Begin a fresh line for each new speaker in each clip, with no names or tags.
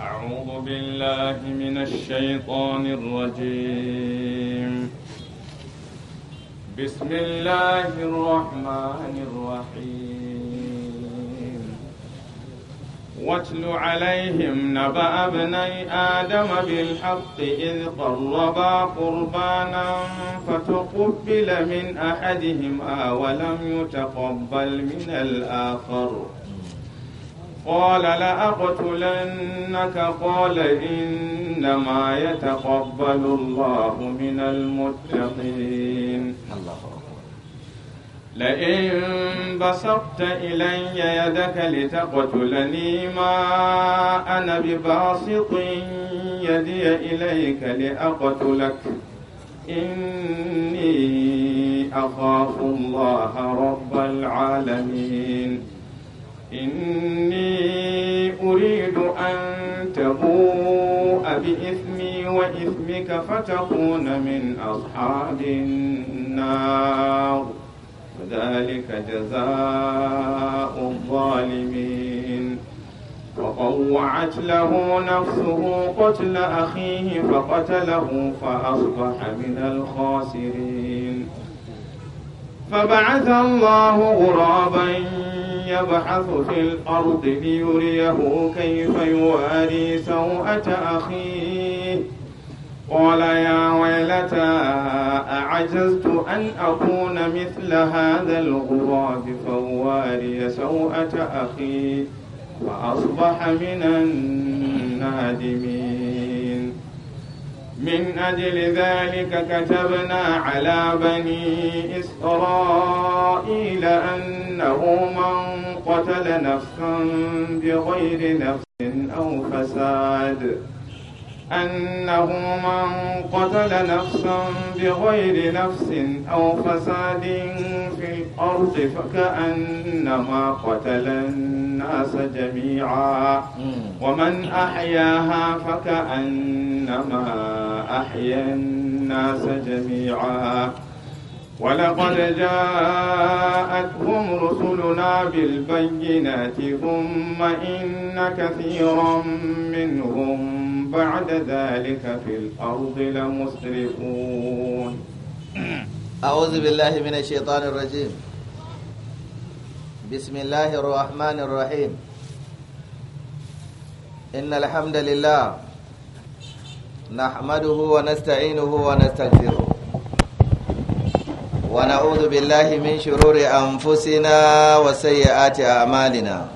أعوذ بالله من الشيطان الرجيم بسم الله الرحمن الرحيم واتل عليهم نبأ ابني آدم بالحق إذ قربا قربانا فتقبل من أحدهما ولم يتقبل من الآخر قال لأقتلنك قال إنما يتقبل الله من المتقين لئن بسطت إلي يدك لتقتلني ما أنا بباسط يدي إليك لأقتلك إني أخاف الله رب العالمين إني أريد أن تبوء بإثمي وإثمك فتكون من أصحاب النار وذلك جزاء الظالمين وطوعت له نفسه قتل أخيه فقتله فأصبح من الخاسرين فبعث الله غرابا يبحث في الأرض ليريه كيف يواري سوءة أخيه قال يا ويلتى أعجزت أن أكون مثل هذا الغراب فواري سوءة أخي فأصبح من النادمين من أجل ذلك كتبنا على بني إسرائيل أنه من قتل نفسا بغير نفس أو فساد أنه من قتل نفسا بغير نفس أو فساد في الأرض فكأنما قتل الناس جميعا ومن أحياها فكأنما أحيا الناس جميعا ولقد جاءتهم رسلنا بالبينات ثم إن كثيرا منهم بعد ذلك في الأرض
لمسرفون أعوذ بالله من الشيطان الرجيم بسم الله الرحمن الرحيم إن الحمد لله نحمده ونستعينه ونستغفره ونعوذ بالله من شرور أنفسنا وسيئات أعمالنا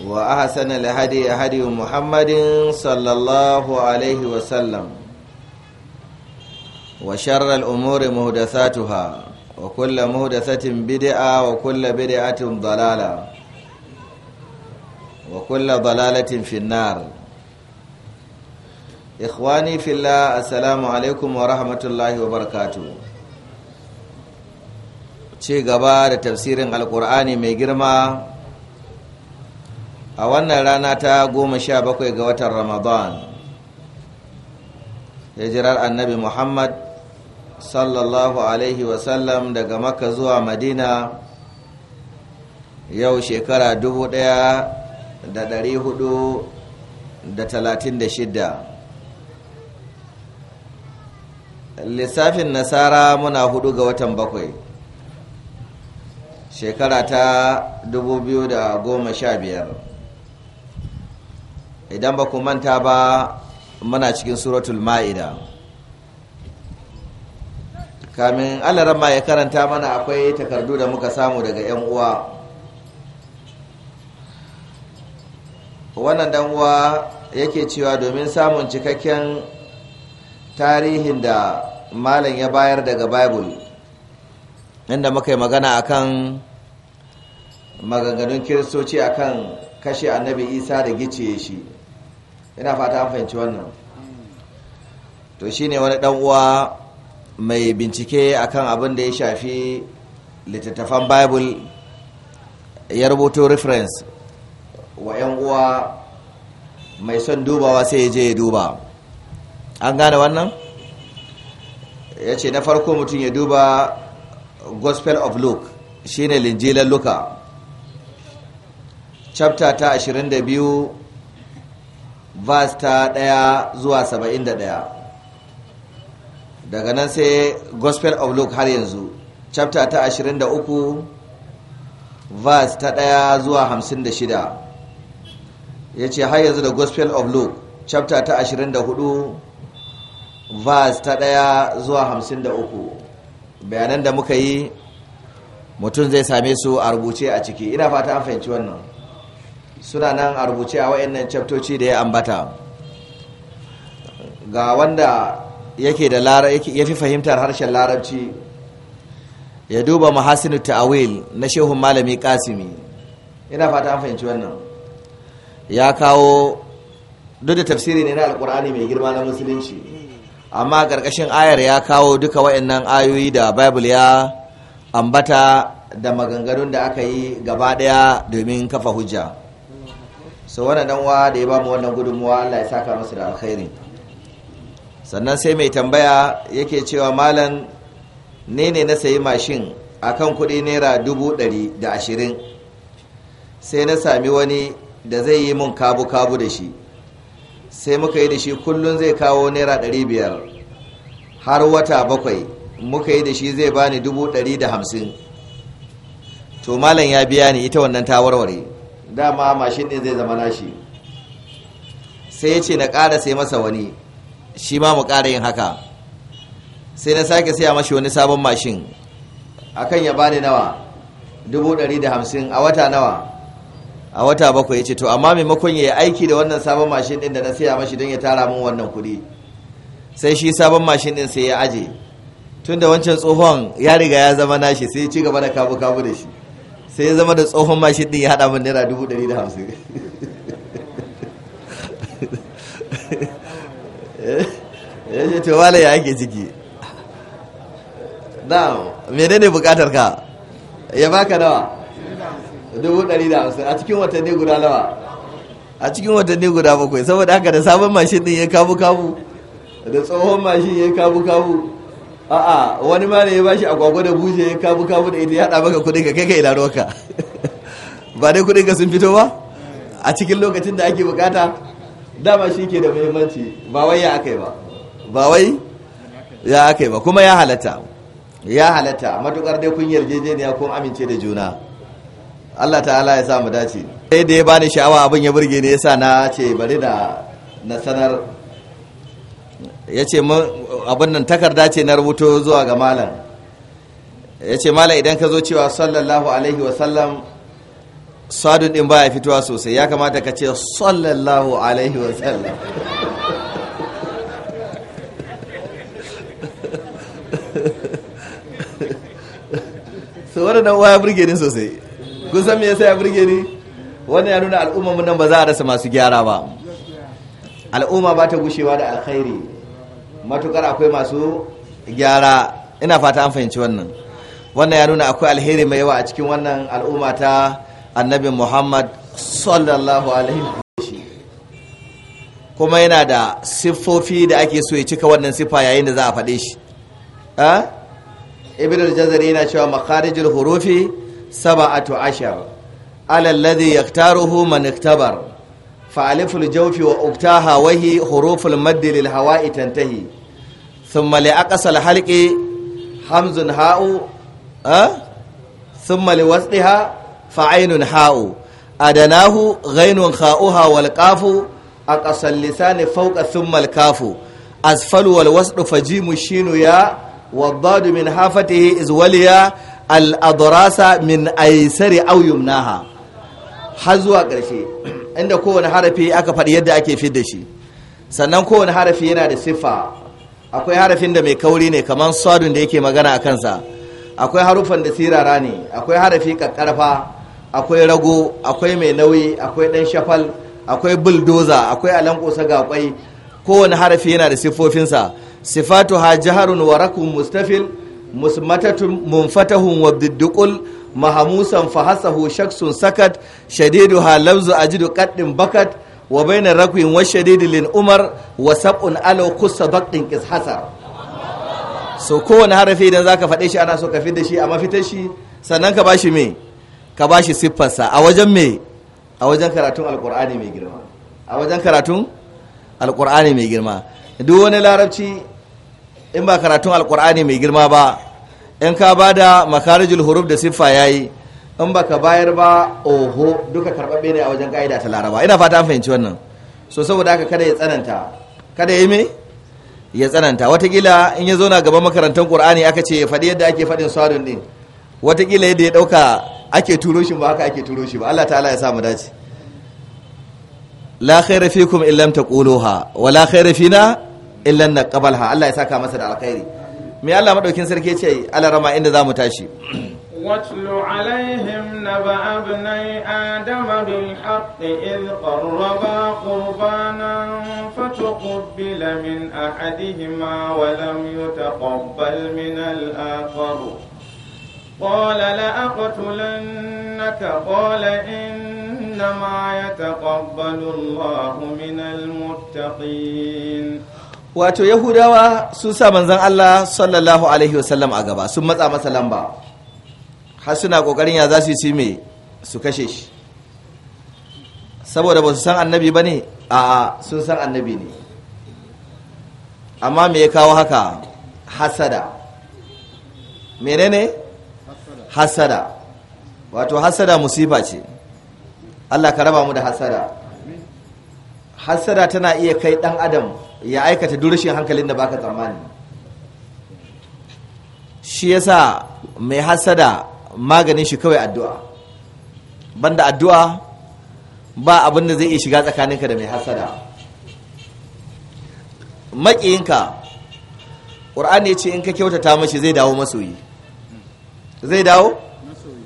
وأحسن الهدي هدي محمد صلى الله عليه وسلم وشر الأمور مهدثاتها وكل مهدثة بدعة وكل بدعة ضلالة وكل ضلالة في النار إخواني في الله السلام عليكم ورحمة الله وبركاته ci gaba da tafsirin alkur'ani mai girma a wannan rana ta goma sha bakwai ga watan ramadan hijirar annabi muhammad sallallahu alaihi wasallam daga makka zuwa madina yau shekara dubu ɗaya da dari hudu da talatin da shidda lissafin nasara muna hudu ga watan bakwai shekara ta dubu biyu da goma sha biyar idan ba ku manta ba muna cikin suratul ma'ida kamin alarama ya karanta mana akwai takardu da muka samu daga 'yan uwa wannan dan uwa yake cewa domin samun cikakken tarihin da malam ya bayar daga bible inda muka yi magana akan maganganun kiristoci akan kashe annabi isa da gice shi ina fata an fahimci wannan to shi ne wani dan uwa mai bincike akan abin da ya shafi littattafan bible ya rubuto reference wa 'yan uwa mai son dubawa sai ya je ya duba an gane wannan ya ce na farko mutum ya duba gospel of luke shi ne linjilar luka chapter ta 22 verse ta ɗaya zuwa saba'in da ɗaya daga nan sai gospel of luke har yanzu chapter ta ashirin da uku verse ta ɗaya zuwa hamsin da shida ya ce har yanzu da gospel of luke chapter ta ashirin da hudu verse ta ɗaya zuwa hamsin da uku bayanan da muka yi mutum zai same su a rubuce a ciki ina fata an fahimci wannan suna nan a rubuce a wayannan chaptoci da ya ambata ga wanda yake da ya fi fahimtar harshen larabci ya duba mahasinu ta'awil na shehun malami kasimi ina fata an fahimci wannan ya kawo duk da tafsiri ne na alkur'ani mai girma na musulunci amma karkashin ayar ya kawo duka waɗannan ayoyi da bible ya ambata da maganganun da aka yi gaba ɗaya domin kafa hujja so wannan dan uwa da ya ba mu wannan gudunmuwa Allah ya saka masa da alkhairi sannan sai mai tambaya yake cewa malam ne ne na sayi mashin akan kuɗi naira dubu ɗari da ashirin sai na sami wani da zai yi mun kabu-kabu da shi sai muka yi da shi kullum zai kawo naira ɗari biyar har wata bakwai muka yi da shi zai bani dubu ɗari da hamsin to malam ya biya ni ita wannan ta warware dama mashin ɗin zai zama nashi sai ya ce na ƙara sai masa wani shi ma mu ƙara yin haka sai na sake sai saya mashi wani sabon mashin akan ya bani nawa dubu a wata nawa a wata bakwai ya ce to amma maimakon ya yi aiki da wannan sabon mashin ɗin da na saya mashi don ya tara mun wannan kuɗi sai shi sabon mashin ɗin sai ya aje tun da wancan tsohon ya riga ya zama nashi sai ya ci gaba da kabu-kabu da shi sai ya zama da tsohon mashin din ya hada min naira dubu ɗari da hamsin ya ce to wala ya ake ciki na menene bukatar ka ya baka nawa dubu ɗari da hamsin a cikin watanni guda nawa a cikin watanni guda bakwai saboda haka da sabon mashin din ya kabu kabu da tsohon mashin ya kabu kabu a'a wani ma ne ya bashi agwagwa da buje ya kabu kabu da ita ya haɗa maka kudin ka kai ka ina ka ba dai kudin ka sun fito ba a cikin lokacin da ake bukata dama shi ke da muhimmanci ba wai ya aka yi ba ba wai ya aka yi ba kuma ya halatta ya halatta matukar dai kun yarjejeniya kun amince da juna Allah ta'ala ya sa mu dace sai da ya bani sha'awa abin ya burge ne yasa na ce bari da na sanar ya ce abin nan takarda ce na rubuto zuwa ga malam ya ce malam idan ka zo cewa sallallahu alaihi wasallam sadu din ya fitowa sosai ya kamata ka ce sallallahu alaihi wasallam so wani dan ya birge ni sosai kun san me yasa ya birge ni wannan ya nuna al'ummanmu nan ba za a rasa masu gyara ba al'umma ba ta gushewa da alkhairi matukar akwai masu gyara ina fata an fahimci wannan wannan ya nuna akwai alheri mai yawa a cikin wannan al'umma ta annabi muhammad sallallahu alaihi kuma yana da siffofi da ake so ya cika wannan siffa yayin da za a faɗe shi ibn al-jazari yana cewa makarijin hurufi saba'atu ashar alal ladhi yaktaruhu man iktabar fa'aliful jawfi wa uktaha wahi huruful maddi lil hawa'i tantahi thumma li aqsal halqi hamzun ha'u ha thumma li wasdiha fa'ainun ha'u adanahu ghainun kha'uha wal qafu aqsal lisani fawqa thumma al kafu asfalu wal wasdu fajimu shinu ya والضاد من حافته إذ وليا الأضراس من أيسر أو يمناها har zuwa ƙarshe inda kowane harafi aka faɗi yadda ake fid da shi sannan kowane harafi yana da siffa akwai harafin da mai kauri ne kamar sadun da yake magana a kansa akwai harufan da sirara ne akwai harafi kakkarfa akwai rago akwai mai nauyi akwai ɗan shafal akwai buldoza akwai alankosa ga kwai kowane harafi yana da siffofinsa sifatu ha jaharun wa rakun mustafil musmatatun munfatahun wa mahamusan fahasahu shaksun sakat shadidu halabzu ajidu kaddin bakat wa baina rakwin wa shadidu lin umar wa sab'un alau kusa bakdin ishasar so kowane harafi idan zaka faɗe shi ana so ka da shi a mafitar shi sannan ka bashi me ka bashi siffarsa a wajen me a wajen karatun alqur'ani mai girma a wajen karatun alqur'ani mai girma duk wani larabci in ba karatun alqur'ani mai girma ba in ka ba da makarijul huruf da siffa ya yi in ka bayar ba oho duka karɓaɓɓe ne a wajen ƙa'ida ta laraba ina fata an fahimci wannan so saboda haka kada ya tsananta kada ya me ya tsananta watakila in ya zauna gaban makarantar qur'ani aka ce ya faɗi yadda ake faɗin sadun din watakila yadda ya ɗauka ake turo shi ba haka ake turo shi ba Allah ta'ala ya sa mu dace la khaira fikum illam taquluha wa la khaira fina illa naqbalha Allah ya saka masa da alkhairi me Allah madaukin sarki ya ce alarama inda za mu tashi
watlu alaihim naba abnai adam bil haqq id qarraba qurbanan fatuqbila min ahadihim wa lam yutaqabbal min al akhar قال لأقتلنك قال إنما يتقبل الله من المتقين
wato yahudawa sun sa manzan Allah sallallahu alaihi wasallam a gaba sun matsa masa lamba har suna kokarin ya za su yi me su kashe shi saboda ba su san annabi ba ne a sun san annabi ne amma me ya kawo haka hasada menene hasada wato hasada musifa ce Allah ka raba mu da hasada hasada tana iya kai dan adam ya aikata durushin hankalin da baka tsammani shi yasa mai hasada maganin shi kawai addu'a banda addu'a ba abin da zai iya shiga tsakaninka da mai hasada maƙiyinka ƙur'ani ya ce in ka kyautata mashi zai dawo masoyi zai dawo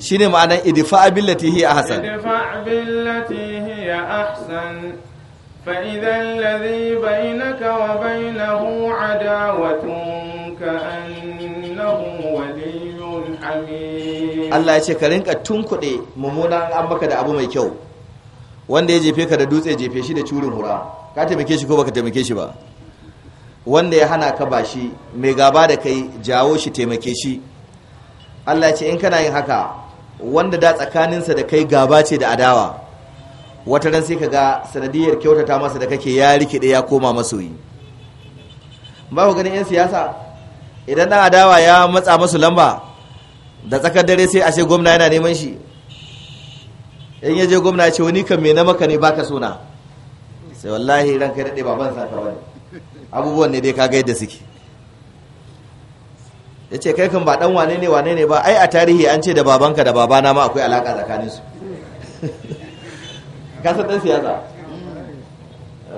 shine ma'anar idifa billati hiya ahsan
hasan billati hiya ahsan فإذا الذي بينك وبينه عداوة Allah
ya ce ka rinka tunkuɗe mummunan an baka da abu mai kyau wanda ya jefe ka da dutse jefe shi da curin hura ka taimake shi ko baka taimake shi ba wanda ya hana ka ba shi mai gaba da kai jawo shi taimake shi Allah ya ce in kana yin haka wanda da tsakaninsa da kai gaba ce da adawa wata ran sai ka ga sanadiyar kyautata masa da kake ya rikide ya koma masoyi ba ku ganin 'yan siyasa idan na adawa ya matsa masu lamba da tsakar dare sai ashe gwamna yana neman shi in ya je gwamna ce wani kan me na maka ne baka suna sai wallahi ran kai daɗe baban sa ka bane abubuwan ne dai ka ga yadda suke ya ce kai kan ba dan wane ne wane ne ba ai a tarihi an ce da babanka da babana ma akwai alaka tsakaninsu kasa ɗan siyasa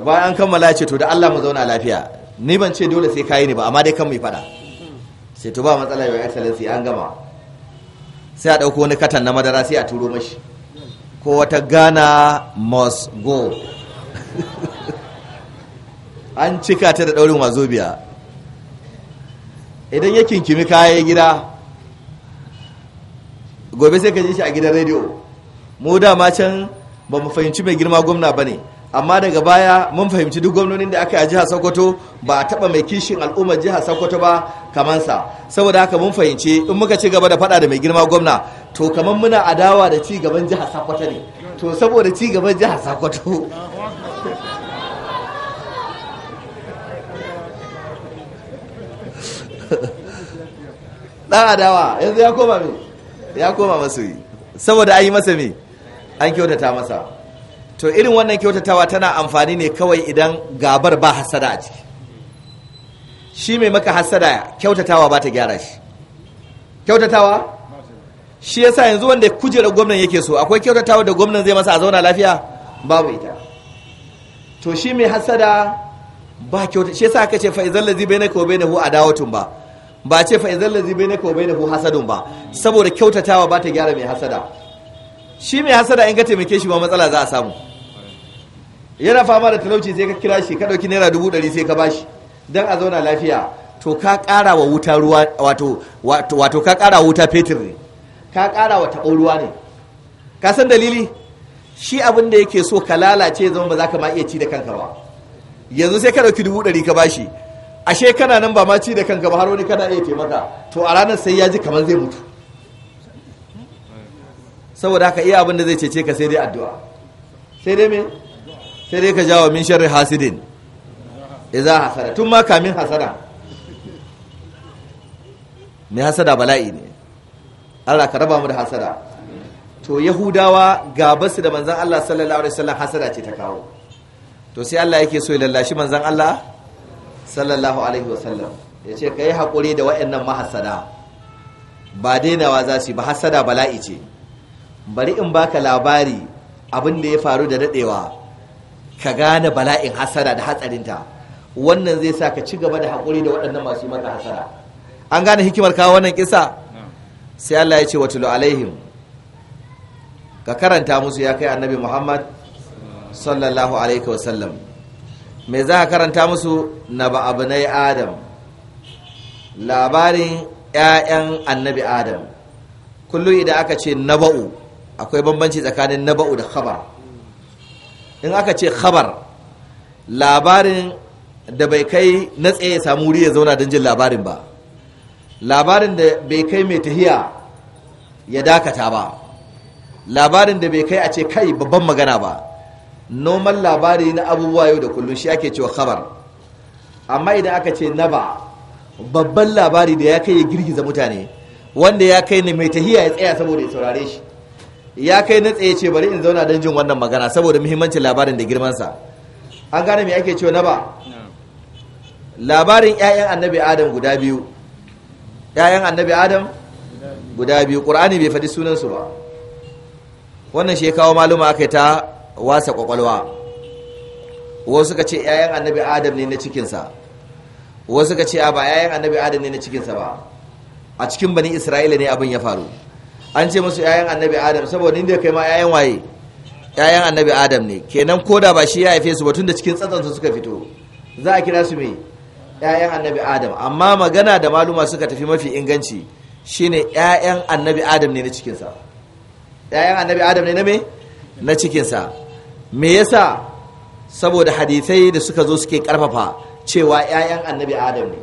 bayan an kammala ce to da allah mu zauna lafiya ni ban ce dole sai kayi ne ba amma dai kan mai fada sai to ba matsala yau excellency an gama sai a ɗauko wani katan na madara sai a turo mashi ko wata ghana must go an cika ta da ɗaurin wazobiya idan ya kinkimi kayan gida gobe sai ka ji shi a gidan rediyo mu dama can ba mu fahimci mai girma gwamna ba ne amma daga baya mun fahimci duk gwamnonin da aka yi a jihar sokoto ba a taɓa mai kishin al'ummar jihar sokoto ba kamansa saboda haka mun fahimci in muka ci gaba da faɗa da mai girma gwamna to kamar muna adawa da ci gaban jihar sokoto ne to saboda ci gaban jihar sokoto dan adawa yanzu ya koma mai ya koma masoyi saboda an yi masa mai an kyautata masa to irin wannan kyautatawa tana amfani ne kawai idan gabar ba hasada a ciki shi mai maka hasada kyautatawa ba ta gyara shi kyautatawa shi yasa yanzu wanda kujerar gwamnan yake so akwai kyautatawa da gwamnan zai masa a zauna lafiya babu ita to shi mai hasada ba kyauta shi yasa aka ce fa idan bai bainaka wa bainahu adawatun ba ba ce bai na lazi bai wa hu hasadun ba saboda kyautatawa ba ta gyara mai hasada shi mai hasada in ka taimake shi ba matsala za a samu yana fama da talauci sai ka kira shi ka ɗauki naira dubu ɗari sai ka bashi don a zauna lafiya to ka ƙara wa wuta ruwa wato ka ƙara wa wuta fetur ne ka ƙara wa taɓo ruwa ne ka san dalili shi abin da yake so ka lalace zama ba za ka ma iya ci da kanka ba yanzu sai ka ɗauki dubu ɗari ka bashi ashe kana nan ba ma ci da kanka ba har wani kana iya taimaka to a ranar sai ya ji kamar zai mutu saboda haka iya abin da zai cece ka sai dai addu'a sai dai me sai dai ka jawo min sharri hasidin Iza hasada tun ma kamin hasada mai hasada bala'i ne Allah ka raba mu da hasada to yahudawa basu da manzan Allah sallallahu alaihi wasallam hasada ce ta kawo to sai Allah yake so ya lallashi manzon Allah sallallahu alaihi wasallam yace kai hakuri da waɗannan mahasada ba dainawa za su yi ba hasada bala'i ce bari in baka labari abin da ya faru da daɗewa ka gane bala'in hasara da hatsarinta wannan zai sa ka ci gaba da haƙuri da waɗannan masu maka hasara an gane hikimar kawo wannan kisa sai Allah ya ce watulu alaihim ka karanta musu ya kai annabi Muhammad sallallahu alaihi wasallam me za ka karanta musu na ba abu na adam labarin 'ya'yan annabi adam kullum idan aka ce naba'u akwai bambanci tsakanin naba'u da khabar in aka ce khabar labarin da bai kai na tsaye ya samu wuri ya zauna don jin labarin ba labarin da bai kai mai tahiya ya dakata ba labarin da bai kai a ce kai babban magana ba noman labari na abubuwa yau da kullum shi ake cewa khabar amma idan aka ce naba babban labari da ya kai ya girgiza mutane wanda ya kai ne mai tahiya ya tsaya saboda ya saurare shi ya kai na tsaye ce bari in zauna don jin wannan magana saboda muhimmancin labarin da girmansa an gane me ake cewa na ba labarin 'ya'yan annabi adam guda biyu 'ya'yan annabi adam guda biyu Qur'ani bai faɗi sunansu ba wannan shi kawo maluma aka ta wasa ƙwaƙwalwa wasu ka ce 'ya'yan annabi adam ne na cikinsa wasu ka ce a ba 'ya'yan annabi adam ne na cikinsa ba a cikin bani isra'ila ne abin ya faru an ce musu yayan annabi adam saboda inda kai ma yayan waye yayan annabi adam ne kenan koda ba shi ya haife su ba tun da cikin tsatsansa suka fito za a kira su me yayan annabi adam amma magana da maluma suka tafi mafi inganci shine yayan annabi adam ne na cikinsa yayan annabi adam ne na me na cikinsa me yasa saboda hadisai da suka zo suke karfafa cewa yayan annabi adam ne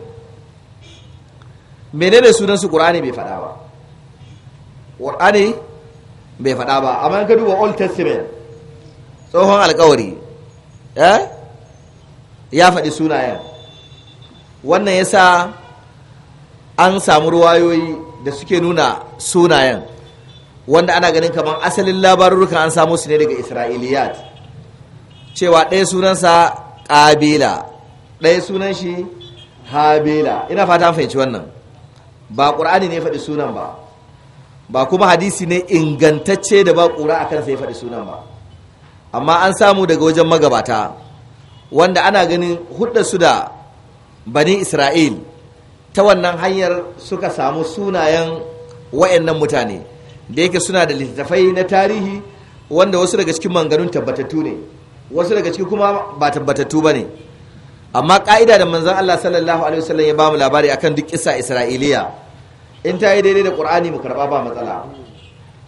menene sunan su qur'ani bai faɗa ba ƙur'ani bai faɗa ba amma ka duba old testament tsohon alkawari eh, ya faɗi sunayen wannan ya sa an samu ruwayoyi da suke nuna sunayen wanda ana ganin kamar asalin labarurrukan an samu su ne daga isra'iliyat cewa ɗaya sunansa ƙabila ɗaya sunan shi habila ina fata fahimci wannan ba ƙur'ani ne faɗi sunan ba ba kuma hadisi ne ingantacce da ba ƙura akan sai faɗi sunan ba amma an samu daga wajen magabata wanda ana ganin su da bani isra'il ta wannan hanyar suka samu sunayen wa'annan mutane da yake suna da littattafai na tarihi wanda wasu daga cikin manganun tabbatattu ne wasu daga ciki kuma ba tabbatattu ba ne amma ƙa'ida da manzan allah sallallahu alaihi wasallam ya ba mu labari akan duk kisa isra'iliya in ta yi daidai da ƙur'ani mu karɓa ba matsala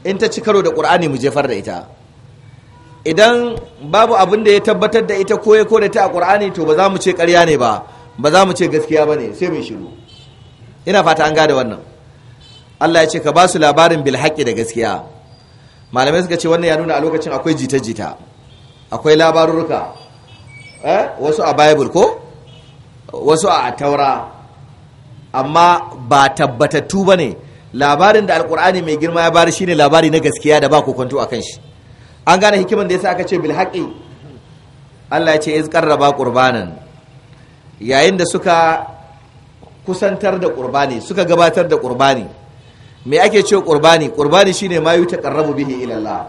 in ta ci karo da ƙur'ani mu jefar da ita idan babu abin da ya tabbatar da ita ko ya kore ta a ƙur'ani to ba za mu ce ƙarya ne ba ba za mu ce gaskiya ba ne sai mu shiru ina fata an gada wannan Allah ya ce ka ba su labarin bil haƙƙi da gaskiya malamai suka ce wannan ya nuna a lokacin akwai jita-jita akwai labarurka eh, wasu a bible ko wasu a taura amma ba tabbatattu ba ne labarin da alkur'ani mai girma ya bari shine labari na gaskiya da ba ku a kan shi an gane hikiman da ya sa aka ce bil Allah ya ce iz qarraba qurbanan yayin da suka kusantar da ƙurbani suka gabatar da ƙurbani me ake ce qurbani kurbani shine ta ƙarrabu bihi ilallah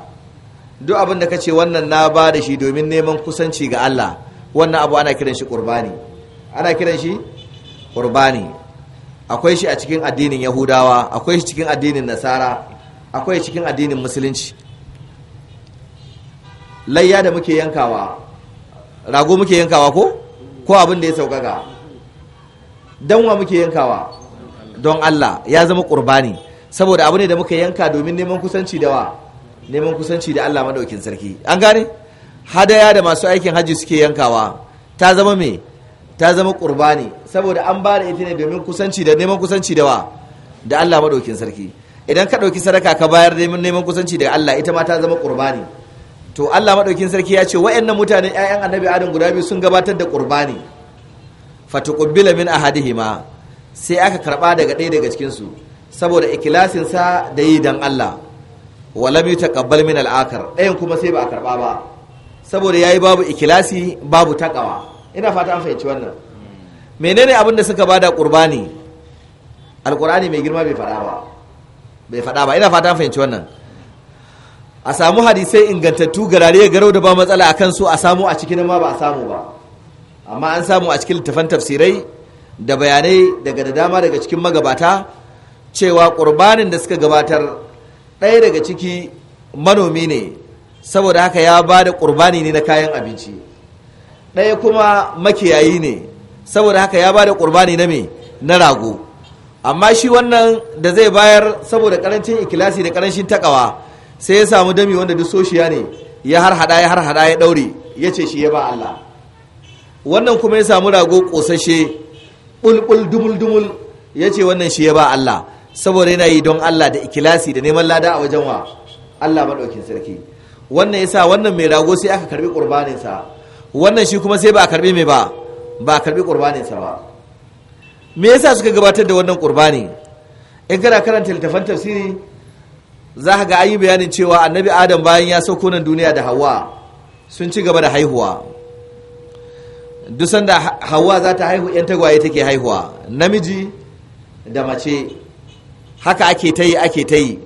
duk abin da ka ce wannan na ba da shi domin neman kusanci ga Allah wannan abu ana kiran shi ƙurbani ana kiran shi ƙurbani akwai shi a cikin addinin yahudawa akwai shi cikin addinin nasara akwai cikin addinin musulunci layya da muke yankawa rago muke yankawa ko ko abin da ya saukaka danwa muke yankawa don Allah ya zama kurbani saboda abu ne da muka yanka domin neman kusanci da wa neman kusanci da Allah madaukin sarki an gane hadaya da masu aikin haji suke yankawa ta zama mai. ta zama qurbani saboda an ba da ita ne domin kusanci da neman kusanci da wa da Allah madaukin sarki idan ka dauki sadaka ka bayar da neman kusanci da Allah ita ma ta zama qurbani to Allah madaukin sarki ya ce wayannan mutane ƴaƴan annabi Adam guda biyu sun gabatar da qurbani fatuqbila min ahadihima sai aka karba daga ɗaya daga cikin su saboda ikhlasin sa da yi dan Allah lam yataqabbal min al-akhar ɗayan kuma sai ba a karba ba saboda yayi babu ikilasi babu takawa ina fata an fahimci wannan menene abin da suka bada qurbani alqur'ani mai girma bai fada ba bai fada ba ina fata an fahimci wannan a samu hadisai ingantattu garare garau da ba matsala akan su a samu a cikin ma ba a samu ba amma an samu a cikin littafan tafsirai da bayanai daga da dama daga cikin magabata cewa qurbanin da suka gabatar ɗaya daga ciki manomi ne saboda haka ya ba da ƙurbani ne na kayan abinci ɗaya kuma makiyayi ne saboda haka ya ba da ƙurbani na me na rago amma shi wannan da zai bayar saboda ƙarancin ikilasi da ƙarancin takawa sai ya samu dami wanda duk soshiya ne ya har hada ya har hada ya ɗaure ya ce shi ya ba Allah wannan kuma ya samu rago ƙosashe ɓulɓul dumul dumul ya ce wannan shi ya ba Allah saboda yana yi don Allah da ikilasi da neman lada a wajen wa Allah maɗaukin sarki wannan ya sa wannan mai rago sai aka karɓi ƙurbaninsa wannan shi kuma sai ba a karbi mai ba ba a karbi ƙurbaninsa ba me yasa suka gabatar da wannan ƙurbani in kana karanta littafan tafsiri za ka ga an yi bayanin cewa annabi adam bayan ya sauko nan duniya da hawa sun ci gaba da haihuwa duk da hawa za ta haihu yan tagwaye take haihuwa namiji da mace haka ake ta yi ake ta yi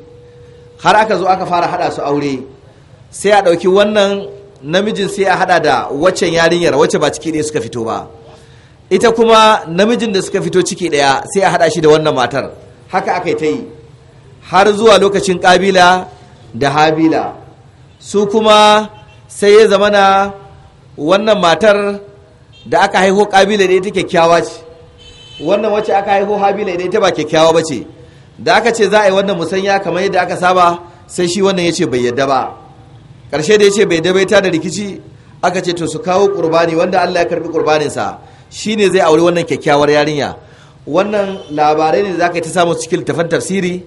har aka zo aka fara haɗa su aure sai a ɗauki wannan namijin sai a hada da waccan yarinyar wacce ba ciki ɗaya suka fito ba ita kuma namijin da suka fito ciki ɗaya sai a hada shi da wannan matar haka aka yi ta yi har zuwa lokacin ƙabila da habila su kuma sai ya zamana wannan matar da aka haiho ƙabila da ita kyakkyawa ce wannan wacce aka haiho habila da ita ba kyakkyawa ba ce da aka ce za a yi wannan musanya kamar yadda aka saba sai shi wannan ya ce bai yadda ba Karshe da ya ce bai dabaita da rikici aka ce to su kawo kurbani wanda allah ya karbi shi ne zai auri wannan kyakkyawar yarinya wannan labarai ne da za ka yi ta samun cikin littafan tafsiri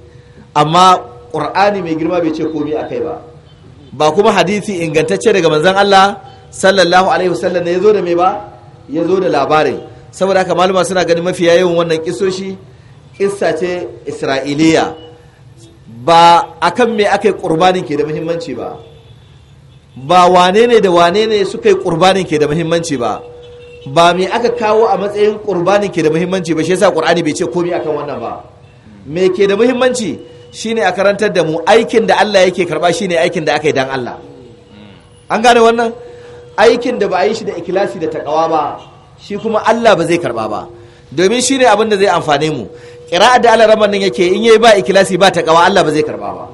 amma ƙur'ani mai girma bai ce komi a kai ba ba kuma hadisi ingantacce daga manzon allah sallallahu alaihi wasallam ne ya zo da mai ba ya da labarin saboda haka maluma suna ganin mafi yawan wannan kisoshi kissa ce isra'iliya ba akan me aka yi ƙurbanin ke da muhimmanci ba ba wane ne da wane ne suka yi ƙurbanin ke da muhimmanci ba ba me aka kawo a matsayin ƙurbanin ke da muhimmanci ba shi yasa ƙur'ani bai ce komai akan wannan ba me ke da muhimmanci shine a karantar da mu aikin da Allah yake karba shine aikin da aka yi dan Allah an gane wannan aikin da ba a yi shi da ikilasi da takawa ba shi kuma Allah ba zai karba ba domin shine abin da zai amfane mu kira'a da Allah raman nan yake in yayi ba ikilasi ba takawa Allah ba zai karba ba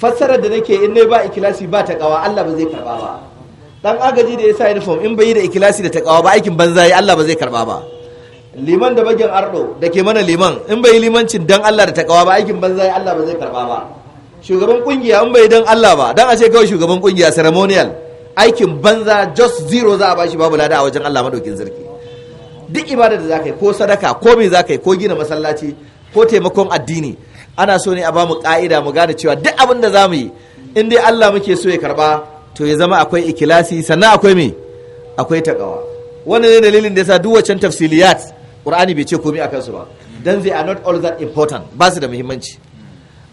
fassarar da nake in ne ba ikilasi ba ta kawa Allah ba zai karba ba dan agaji da yasa uniform in bai da ikilasi da ta kawa ba aikin banza yi Allah ba zai karba ba liman da bagin ardo da ke mana liman in bai limancin dan Allah da ta kawa ba aikin banza yi Allah ba zai karba ba shugaban kungiya in bai dan Allah ba dan a ce kawai shugaban kungiya ceremonial aikin banza just zero za a bashi babu lada a wajen Allah madaukin zirki duk ibada da zakai yi ko sadaka ko me zakai yi ko gina masallaci ko taimakon addini ana so ne a bamu ka'ida mu gane cewa duk abin da zamuyi yi in dai Allah muke so ya karba to ya zama akwai ikilasi sannan akwai me akwai takawa wannan ne dalilin da ya sa duk wancan tafsiliyat Qur'ani bai ce komai akan su ba dan they are not all that important ba su da muhimmanci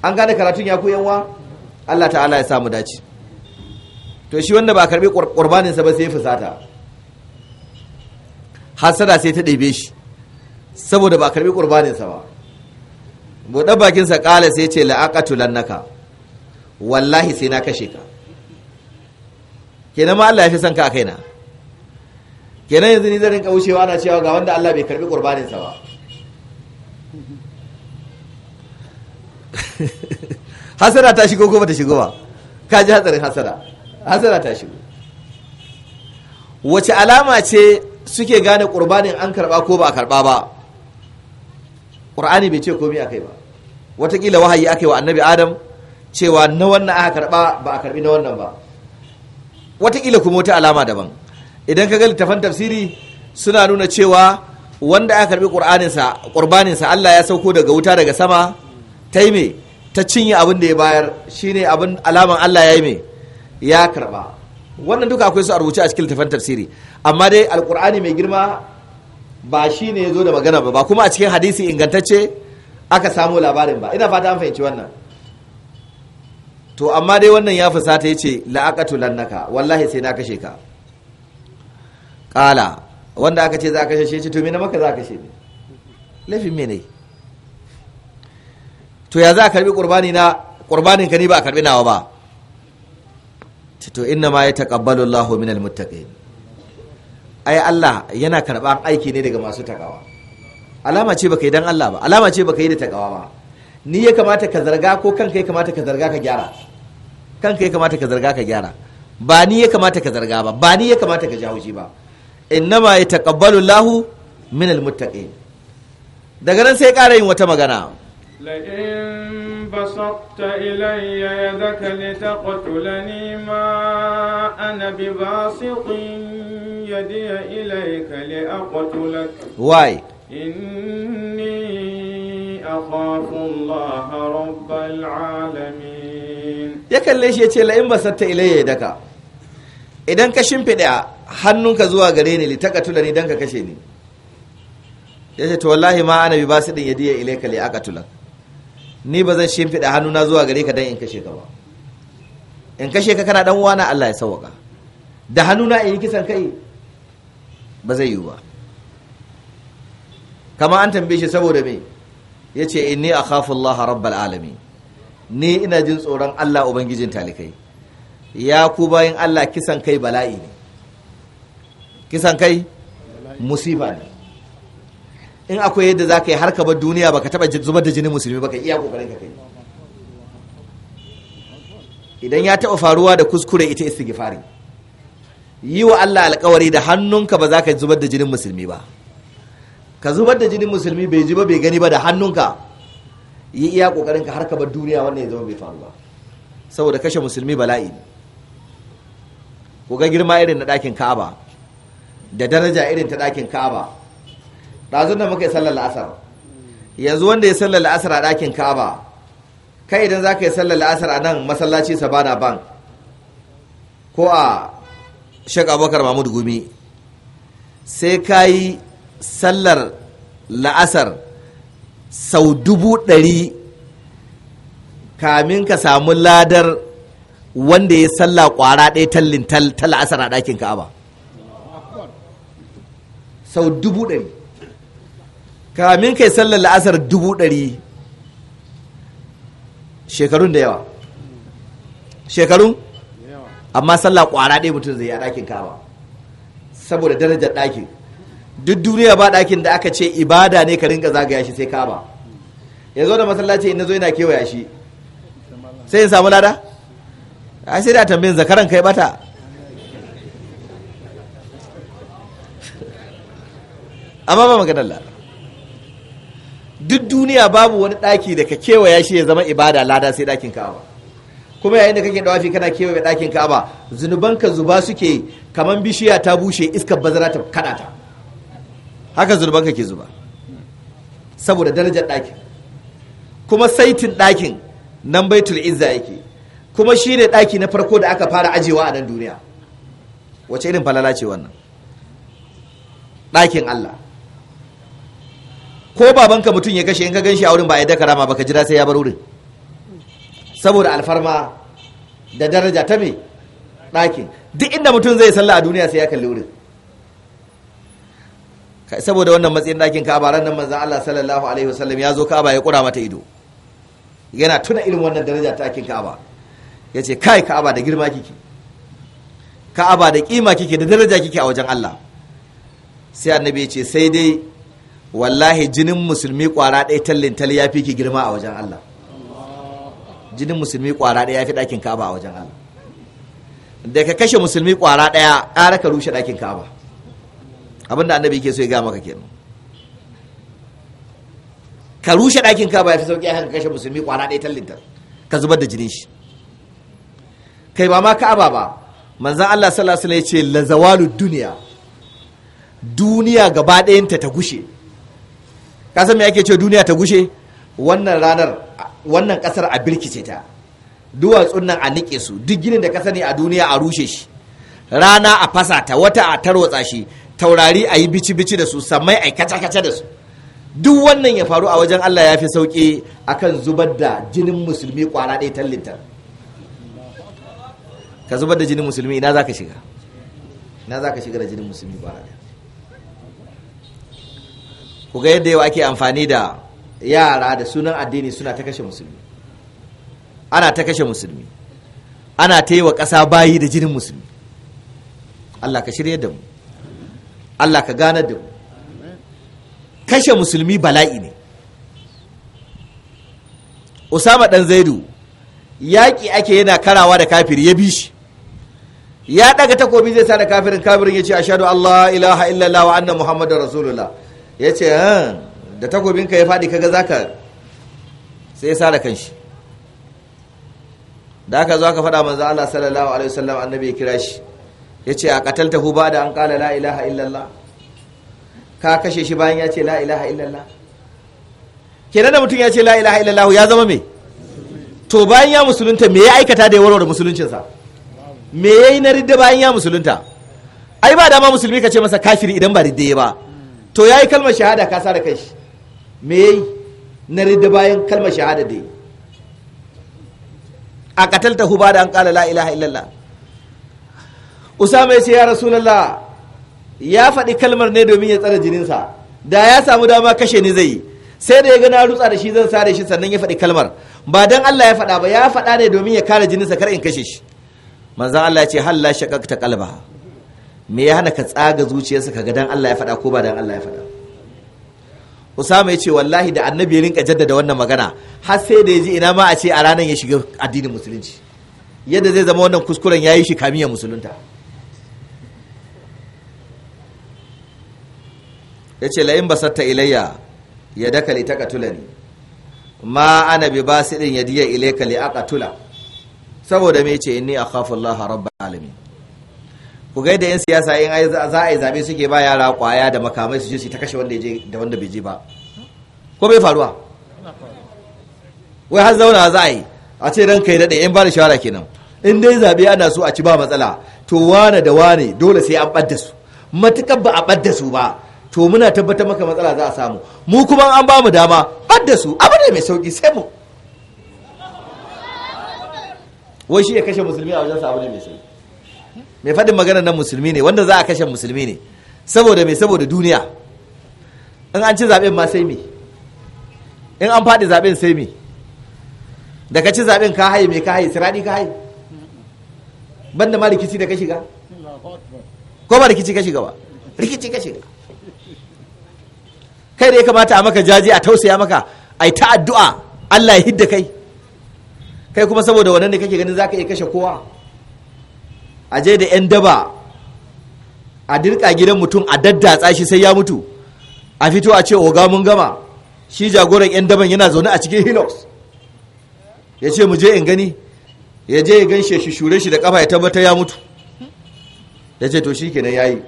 an gane karatun ya wa Allah ta'ala ya samu dace to shi wanda ba karbi qurbanin sa ba sai fusata hasada sai ta ɗebe shi saboda ba karbi qurbanin sa ba buɗe bakinsa ƙala sai ce la'aƙatulan lannaka wallahi sai na kashe ka kenan ma Allah ya fi son ka a kaina kenan yanzu ni zarin kaucewa ana cewa ga wanda Allah bai karbi qurbaninsa ba hasara ta shigo ko bata shigo ba ka ji hatsarin hasara hasara ta shigo wace alama ce suke gane qurbanin an karba ko ba a karba ba ƙur'ani bai ce a kai ba watakila wahayi akai wa annabi adam cewa na wannan aka karba ba a karɓi na wannan ba watakila kuma wata alama daban idan ka ga littafan tafsiri suna nuna cewa wanda aka karɓi ƙur'aninsa ƙurbaninsa Allah ya sauko daga wuta daga sama ta yi mai ta cinye abin da ya bayar shine abin alaman Allah ya yi mai, ya karɓa. wannan duka akwai su a rubuce a cikin littafan tafsiri amma dai alƙur'ani mai girma ba shi ne ya zo da magana ba ba kuma a cikin hadisi ingantacce aka samu labarin ba ina fata an fahimci wannan to amma dai wannan ya fusata ya ce la'akatu lannaka wallahi sai na kashe ka ƙala wanda aka ce za a kashe shi to me na maka za a kashe ne laifin me ne to ya za a karbi ƙurbani na ƙurbanin ka ni ba a karbi nawa ba to inna ma ya taqabbalu Allahu minal muttaqin ai Allah yana karɓar aiki ne daga masu takawa alama ce baka yi dan Allah ba alama ce baka yi da takawa ba ni ya kamata ka zarga ko kanka ya kamata ka zarga ka gyara kanka ya kamata ka zarga ka gyara ba ni ya kamata ka zarga ba ba ni ya kamata ka jawo shi ba innama yataqabbalu Allahu minal muttaqin daga nan sai ƙara yin wata magana
la in بسطت إلي يدك لتقتلني ما أنا بباسط يدي إليك لأقتلك واي إني أخاف الله رب العالمين
ya kalle shi ya ce la'in basatta ilayya daka idan ka shimfiɗa hannunka zuwa gare ni litakatula ni dan ka kashe ni ya to wallahi ma ana bi basidin yadiya ilayka li aqatulak ni ba zan shimfiɗa hannuna zuwa gare ka don in kashe ka ba in kashe ka kana dan uwana Allah ya sauka da hannuna in yi kisan kai ba zai yiwu ba kama an tambaye shi saboda me yace inni akhafu Allah rabbal alamin ni ina jin tsoron Allah ubangijin talikai ya ku bayin Allah kisan kai bala'i ne kisan kai musiba ne in akwai yadda za ka yi harka ba duniya ba ka taɓa zubar da jinin musulmi ba ka iya kokarin ka kai idan ya taɓa faruwa da kuskure ita istighfari yi wa Allah alƙawari da hannunka ba za ka zubar da jinin musulmi ba ka zubar da jinin musulmi bai ji ba bai gani ba da hannunka yi iya kokarin ka harka ba duniya wannan ya zama bai faru ba saboda kashe musulmi bala'i ne ku ga girma irin na dakin ka'aba da daraja irin ta dakin ka'aba ɗazun da muka yi sallar la'asar yanzu wanda ya sallar la'asar a ɗakin ka'aba kai idan za ka yi sallar la'asar a nan masallaci sabana bank ko a shek abokar mahmud gumi sai ka yi sallar la'asar sau dubu ɗari kamin ka samu ladar wanda ya salla ƙwara ɗaya tallin tal la'asar a ɗakin ka'aba sau dubu ɗari kamin kai sallar la'asar dubu ɗari shekarun da yawa shekarun amma sallah ƙwara ɗaya mutum zai yi a ɗakin kawa saboda darajar ɗakin duk duniya ba ɗakin da aka ce ibada ne ka ringa zagaya shi sai kaba ya zo da masallaci in zo yana kewaya shi sai in samu lada a sai da tambayin zakaran kai bata amma ba maganar lada duk duniya babu wani ɗaki da ka kewaya shi ya zama ibada lada sai ɗakin ka'aba kuma yayin da kake dawafi kana kewaye ɗakin ka'aba zunubanka zuba suke kaman bishiya ta bushe iskar bazara ta kada ta haka zunubanka ke zuba saboda darajar ɗakin kuma saitin ɗakin nan baitul izza yake kuma shi ne na farko da aka fara ajewa a nan duniya wace irin falala ce wannan ɗakin allah ko babanka mutum ya kashe in ka ganshi a wurin ba ya daka rama ba ka jira sai ya bar wurin saboda alfarma da daraja ta me ɗakin duk inda mutum zai salla a duniya sai ya kalli wurin saboda wannan matsayin ɗakin ka ba ranar manzan Allah sallallahu alaihi wasallam ya zo ba ya kura mata ido yana tuna irin wannan daraja ta ɗakin ya yace kai ba da girma kike ba da kima kike da daraja kike a wajen Allah sai annabi ya ce sai dai wallahi jinin musulmi kwara ɗaya tallin tal ya fi ki girma a wajen Allah jinin musulmi kwara ɗaya ya fi ɗakin kaba a wajen Allah da ka kashe musulmi kwara ɗaya ƙara ka rushe ɗakin kaba abinda annabi ke so ya gama ka kenan ka rushe ɗakin kaba ya fi sauƙi haka kashe musulmi kwara ɗaya tallin tal ka zubar da jinin shi kai ba ma kaba ba manzan Allah sallallahu alaihi wasallam ya ce la zawalu duniya duniya gaba ɗayanta ta gushe ka san me ake ce duniya ta gushe wannan ranar wannan kasar a birkice ta duwatsun nan a nike su duk ginin da ka sani a duniya a rushe shi rana a fasa ta wata a tarwatsa shi taurari a yi bici-bici da su samai a kaca-kaca da su duk wannan ya faru a wajen Allah ya fi sauƙi akan zubar da jinin musulmi kwana ɗaya tallintar ka zubar da jinin musulmi ina za ka shiga ina za ka shiga da jinin musulmi kwana ɗaya ku ga yadda yau ake amfani da yara da sunan addini suna ta kashe musulmi ana ta kashe musulmi ana ta yi wa ƙasa bayi da jinin musulmi Allah ka shirya da mu Allah ka gane da mu kashe musulmi bala'i ne Usama ɗan Zaidu yaƙi ake yana karawa da kafiri ya bi shi ya daga takobi zai sa da kafirin kafirin ya ce ashadu Allah ilaha illallah wa anna Muhammadu rasulullah ya ce ah, da takobinka ya faɗi kaga zaka sai ya sara kanshi da aka zo aka faɗa manzo Allah sallallahu alaihi wasallam annabi ya kira shi yace a hu ba da an kala la ilaha illallah ka kashe shi bayan ya ce la ilaha illallah kenan da mutum ya ce la ilaha illallah ya zama me to bayan ya musulunta me ya aikata da ya warware musuluncinsa me yayi na ridda bayan ya musulunta ai ba dama musulmi ka ce masa kafiri idan ba ridda ba to ya yi kalmar shahada ka da kai shi me yi na rida bayan kalmar shahada da yi a katalta huba da an kala la ilaha illallah usama ya ce ya rasulallah ya faɗi kalmar ne domin ya tsara jininsa da ya samu dama kashe ni zai yi sai da ya ga na rutsa da shi zan sare shi sannan ya faɗi kalmar ba dan Allah ya faɗa ba ya faɗa ne domin ya kare jininsa kar in kashe shi manzan Allah ya ce halla ta kalba. me ya hana ka tsaga zuciyarsa ka ga dan Allah ya faɗa ko ba dan Allah ya faɗa Usama ya ce wallahi da annabi ya rinka jaddada wannan magana har sai da ya ji ina ma a ce a ranar ya shiga addinin musulunci yadda zai zama wannan kuskuren ya yi shi kamiyar musulunta ya ce la'in satta ilayya ya daka li taqatula ni ma ana bi ya yadiya ilayka li aqatula saboda me ni inni kafin, Allah rabba ku ga yadda 'yan siyasa in za a yi zaɓe suke ba yara kwaya da makamai su je su ta kashe wanda je da wanda bai je ba ko bai faruwa wai har zauna za a yi a ce ranka yi daɗe in ba da shawara kenan in dai zaɓe ana so a ci ba matsala to wane da wane dole sai an ɓadda su matuƙar ba a ɓadda su ba to muna tabbatar maka matsala za a samu mu kuma an ba mu dama ɓadda su abu ne mai sauƙi sai mu wai shi ya kashe musulmi a wajen sa abu ne mai sauƙi mai faɗin magana nan musulmi ne wanda za a kashe musulmi ne saboda mai saboda duniya in an ci zaɓen ma sai me in an faɗi zaɓen sai me da ka ci zaɓen ka haye mai ka haye sirani ka haye da ma rikici da ka shiga ko ba rikici ka shiga ba rikici ka shiga kai da ya kamata a maka jaje a tausaya maka ai ta addu'a Allah ya hidda kai kai kuma saboda wannan ne kake ganin zaka iya kashe kowa a je da 'yan daba a dirka gidan mutum a daddatsa shi sai ya mutu a fito a ce oga mun gama shi jagoran 'yan daban yana zaune a cikin hilos ya ce mu je in gani ya je ya ganshe shi shure shi da kafa ya tabbata ya mutu ya ce to shi kenan ya yi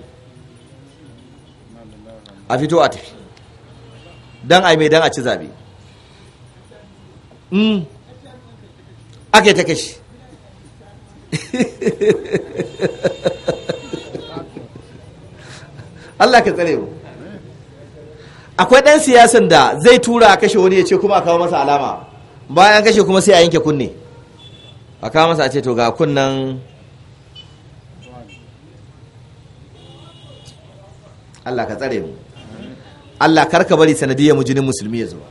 a fito a tafi don a mai don a ci zabe mm. aka yi ta kashi Allah ka tsare mu akwai ɗan siyasan da zai tura a kashe wani ya ce kuma a kawo masa alama bayan kashe kuma sai a yanke kunne a kawo masa a ce to ga kunnan Allah ka tsare mu Allah karka bari sanadiyar mu jinin musulmi ya zuwa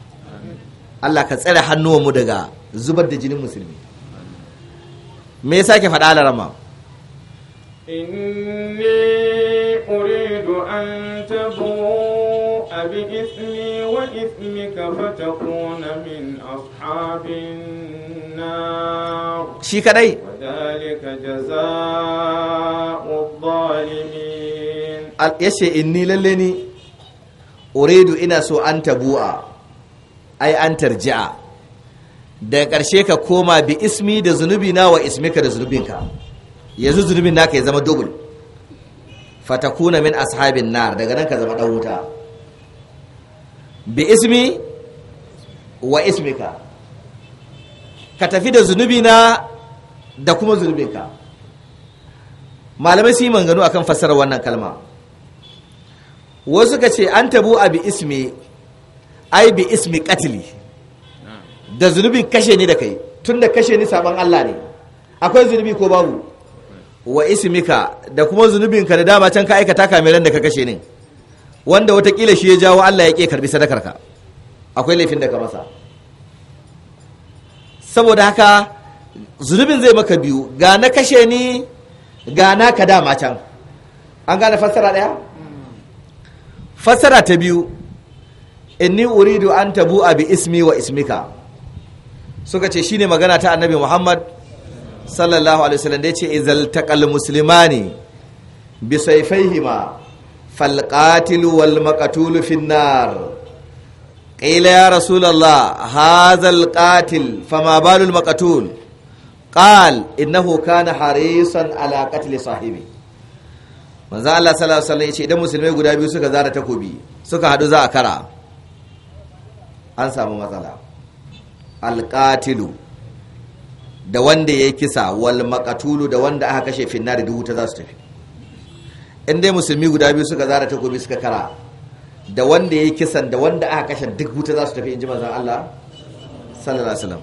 Allah ka tsare hannuwanmu daga zubar da jinin musulmi me yasa ke faɗa larama inni uridu
an tabu abi ismi wa ismika fatakuna min ashabin nar shi kadai wadhalika jazaa'u
inni lalle ni uridu ina so an tabu'a ai an tarji'a da ƙarshe ka koma bi ismi da zunubi na wa ismika da zunubinka yanzu zunubin naka ya zama dubul fatakuna min ashabin nar daga nan ka zama dan wuta bi ismi wa ismika ka tafi da zunubi na da kuma zunubinka malamai su yi manganu akan fassarar wannan kalma wasu ka ce an tabu a bi ismi ai bi ismi katili da zunubin kashe ni da kai tun da kashe ni saban Allah ne akwai zunubi ko babu wa ismika da kuma zunubinka da dama can ka aikata kamiran da ka kashe ni wanda watakila shi ya jawo Allah ya ke karbi sadakarka akwai laifin da ka masa saboda haka zunubin zai maka biyu ga na kashe ni ga na ka dama can an gane fassara ɗaya fassara ta biyu inni uridu an tabu abi ismi wa ismika suka ce shine magana ta annabi muhammad sallallahu alaihi wasallam da ya ce izal taqal muslimani bi sayfayhima wal maqtulu fin nar ya rasulullah hadha al fama balu al maqtul innahu kana harisan ala qatl sahibi manzo Allah sallallahu alaihi wasallam ya ce idan musulmai guda biyu suka zara takobi suka haɗu za a kara an samu matsala alƙatilu da wanda ya kisa wal makatulu da wanda aka kashe finna da dubu ta za su tafi in dai musulmi guda biyu suka zara takobi suka kara da wanda ya kisan da wanda aka kashe duk wuta za su tafi in ji mazan Allah sallallahu alaihi wasallam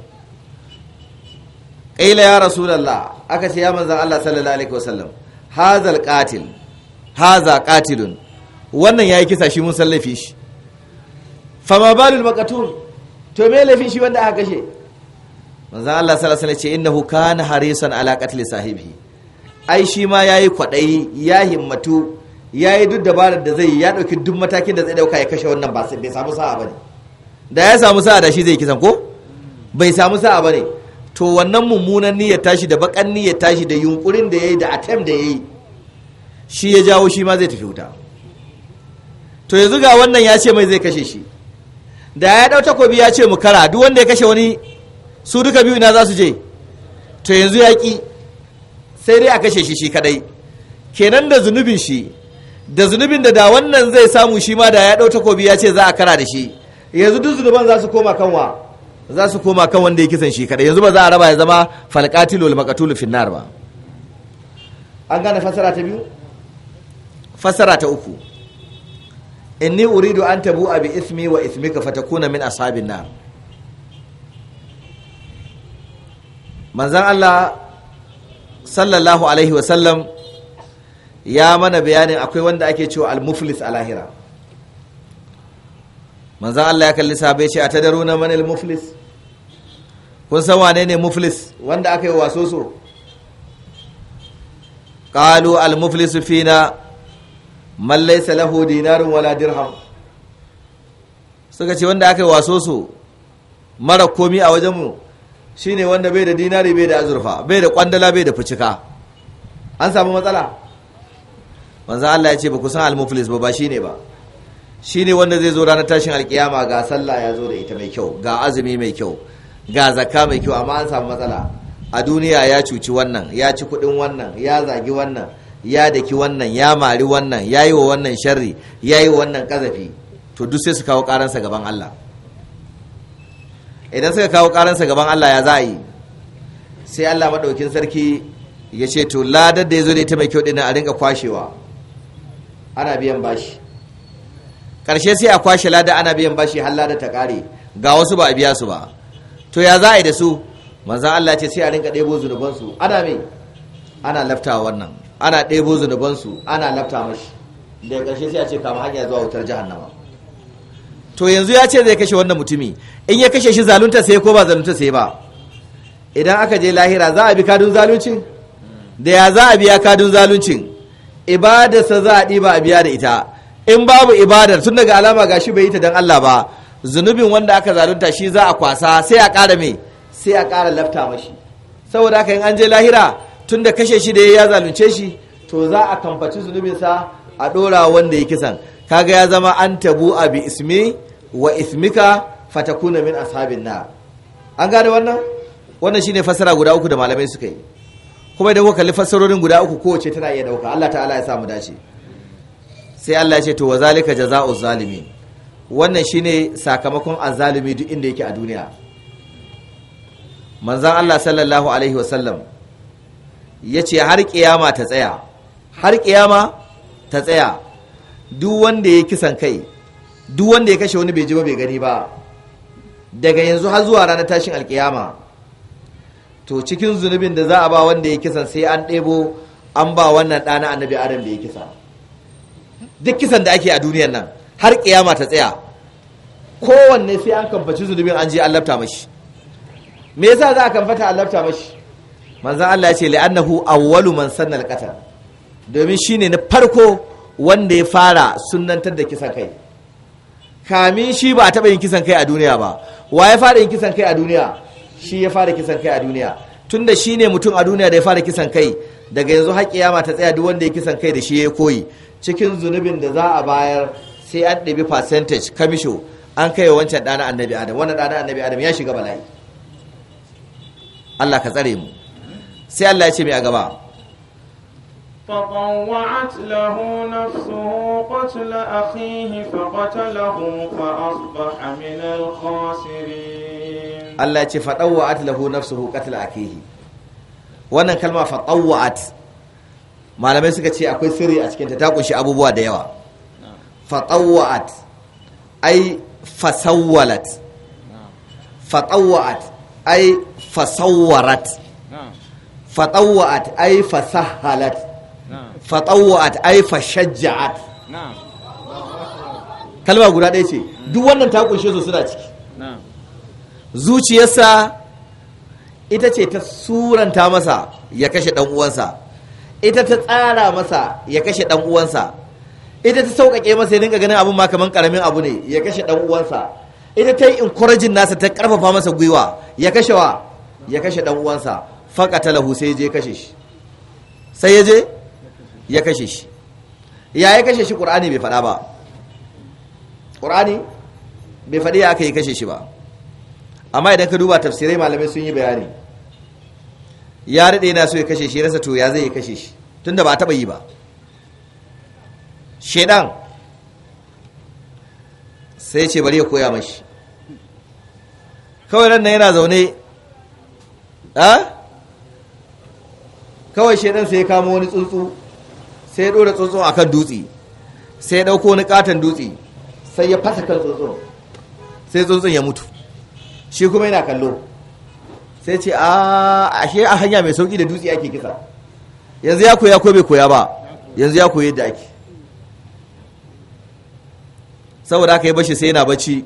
qila ya rasulullah aka ce ya mazan Allah sallallahu alaihi wasallam hazal qatil haza qatilun wannan yayi kisa shi mun sallafi shi Fa ma balul maqtul to me laifin shi wanda aka kashe manzon Allah sallallahu alaihi wasallam ce innahu kana harisan ala qatl sahibi ai shi ma yayi kwadai ya himmatu yayi duk dabarar da zai ya dauki duk matakin da zai dauka ya kashe wannan ba sai bai samu sa'a bane da ya samu sa'a da shi zai kisan ko bai samu sa'a bane to wannan mummunan niyyar tashi da bakan niyyar tashi da yunkurin da yayi da attempt da yayi shi ya jawo shi ma zai tafi wuta to yanzu ga wannan ya ce mai zai kashe shi da ya ɗau takobi ya ce mu kara duk wanda ya kashe wani su duka biyu na za su je to yanzu ya ƙi sai dai a kashe shi shi kadai kenan da zunubin shi da zunubin da da wannan zai samu shi ma da ya ɗau takobi ya ce za a kara da shi yanzu duk zunuban za su koma kanwa za su koma kan wanda ya kisan shi kadai yanzu ba za a raba ya zama falqatilu wal maqtulu finnar ba an gane fasara ta biyu fasara ta uku inni uridu an tabu abi ismi wa ismika fatakuna min ashabin nar manzan Allah sallallahu alaihi wasallam ya mana bayanin akwai wanda ake cewa al a lahira manzan Allah ya kalli sabai ce a ta daru na manil muflis kun san wane ne muflis wanda aka yi waso so ƙalu al-muflisu fina Mallai salahu lahu dinarun wala dirham suka ce wanda aka yi waso su mara komi a wajen mu shine wanda bai da dinari bai da azurfa bai da kwandala bai da fucika an samu matsala manzo Allah ya ce ba ku san al ba ba shine ba shine wanda zai zo ranar tashin alkiyama ga sallah ya zo da ita mai kyau ga azumi mai kyau ga zakka mai kyau amma an samu matsala a duniya ya cuci wannan ya ci kudin wannan ya zagi wannan ya daki wannan ya mari wannan ya yi wa wannan sharri ya yi wa wannan kazafi to duk sai su kawo karansa gaban Allah idan suka kawo karansa gaban Allah ya za a yi sai Allah maɗaukin sarki ya ce to ladar da ya zo da ita mai kyau ɗin a ringa kwashewa ana biyan bashi ƙarshe sai a kwashe lada ana biyan bashi har lada ta ƙare ga wasu ba a biya su ba to ya za a yi da su manzan Allah ce sai a ringa ɗebo zunubansu ana me ana laftawa wannan ana ɗebo zunubansu ana lafta mashi da ƙarshe sai a ce kama hanya zuwa wutar jahannama to yanzu ya ce zai kashe wannan mutumi in ya kashe shi zalunta sai ko ba zalunta sai ba idan aka je lahira za a bi kadun zaluncin da ya za a biya kadun zaluncin ibadarsa za a ɗiba a biya da ita in babu ibadar tun daga alama gashi bai yi ta don Allah ba zunubin wanda aka zalunta shi za a kwasa sai a ƙara me sai a ƙara lafta mashi saboda haka in an je lahira tunda kashe shi da ya zalunce shi to za a kamfaci zunubinsa a ɗora wanda ya kisan kaga ya zama an tabu a bi ismi wa ismika fatakuna min ashabin na an gane wannan wannan shine fasara guda uku da malamai suka yi kuma idan kuka kalli fasarorin guda uku kowace tana iya dauka Allah ta'ala ya samu dace sai Allah ya ce to wazalika jazao zalimin wannan shine sakamakon azalimi duk inda yake a duniya manzon Allah sallallahu alaihi wasallam ya ce har kiyama ta tsaya har kiyama ta tsaya duk wanda ya kisan kai duk wanda ya kashe wani bai ji ba bai gani ba daga yanzu har zuwa ranar tashin alkiyama to cikin zunubin da za a ba wanda ya kisan sai an ɗebo an ba wannan ɗana annabi adam da ya kisa duk kisan da ake a duniyar nan har kiyama ta tsaya kowanne sai an kamfaci zunubin an je an lafta mashi me yasa za a kamfata an lafta mashi manzan Allah ya ce li'annahu awwalu man sanna al-qatl domin shine na farko wanda ya fara sunnantar da kisan kai kamin shi ba a taɓa yin kisan kai a duniya ba wa ya fara yin kisan kai a duniya shi ya fara kisan kai a duniya tunda shi ne mutum a duniya da ya fara kisan kai daga yanzu har kiyama ta tsaya duk wanda ya kisan kai da shi ya koyi cikin zunubin da za a bayar sai an ɗabi percentage kamisho an kai wa wancan ɗana annabi adam wannan ɗana annabi adam ya shiga bala'i Allah ka tsare mu sai Allah ya ce mai a gaba
Allah له نفسه قتل lahu فقتله فأصبح من الخاسرين
الله wannan kalma fatawa'at malamai suka ce akwai sirri a cikinta ta kunshi abubuwa da yawa fatawa'at ai fasawwalat fatawa'at ai fasawwarat فطوعت اي فسهلت فطوعت اي فشجعت kalma guda ɗaya ce duk wannan ta kunshe su suna ciki zuciyarsa ita ce ta suranta masa ya kashe ɗan uwansa ita ta tsara masa ya kashe ɗan uwansa ita ta sauƙaƙe masa ya dinga ganin abin ma kamar ƙaramin abu ne ya kashe ɗan uwansa ita ta yi encouraging nasa ta ƙarfafa masa gwiwa ya kashe wa ya kashe ɗanuwansa uwansa lahu sai je kashe shi sai je ya kashe shi ya ya kashe shi ƙur'ani bai faɗa ba ƙur'ani bai faɗi ya aka yi kashe shi ba amma idan ka duba tafsirai malamai sun yi bayani ya daɗe yana so ya kashe shi rasa to ya zai ya kashe shi tun da ba a taɓa yi ba shaidan sai ce bari ya koya mashi kawai ran yana zaune ah? kawai shaidan sai ya kama wani tsuntsu sai ya dora tsuntsu akan dutse sai ya dauko wani katon dutse sai ya fasa kan tsuntsu sai tsuntsun ya mutu shi kuma yana kallo sai ce a ashe a hanya mai sauki da dutse ake kisa yanzu ya koya ko bai koya ba yanzu ya koyi yadda ake saboda aka yi bashi sai yana bacci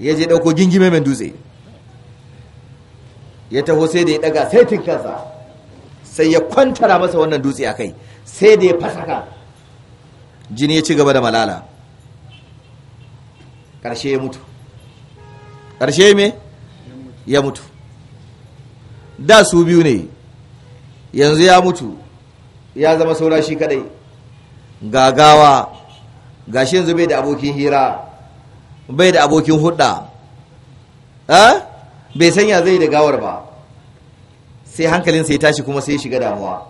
ya je dauko gingime mai dutse ya taho sai da ya daga sai tinkansa sai ya kwantara masa wannan dutse a kai sai da ya fasaka jini ya ci gaba da malala ƙarshe ya mutu ƙarshe me ya mutu da su biyu ne yanzu ya mutu ya zama saura shi kadai gagawa shi yanzu bai da abokin hira bai da abokin hudda eh? bai sanya zai da gawar ba sai hankalin sai tashi kuma sai shiga damuwa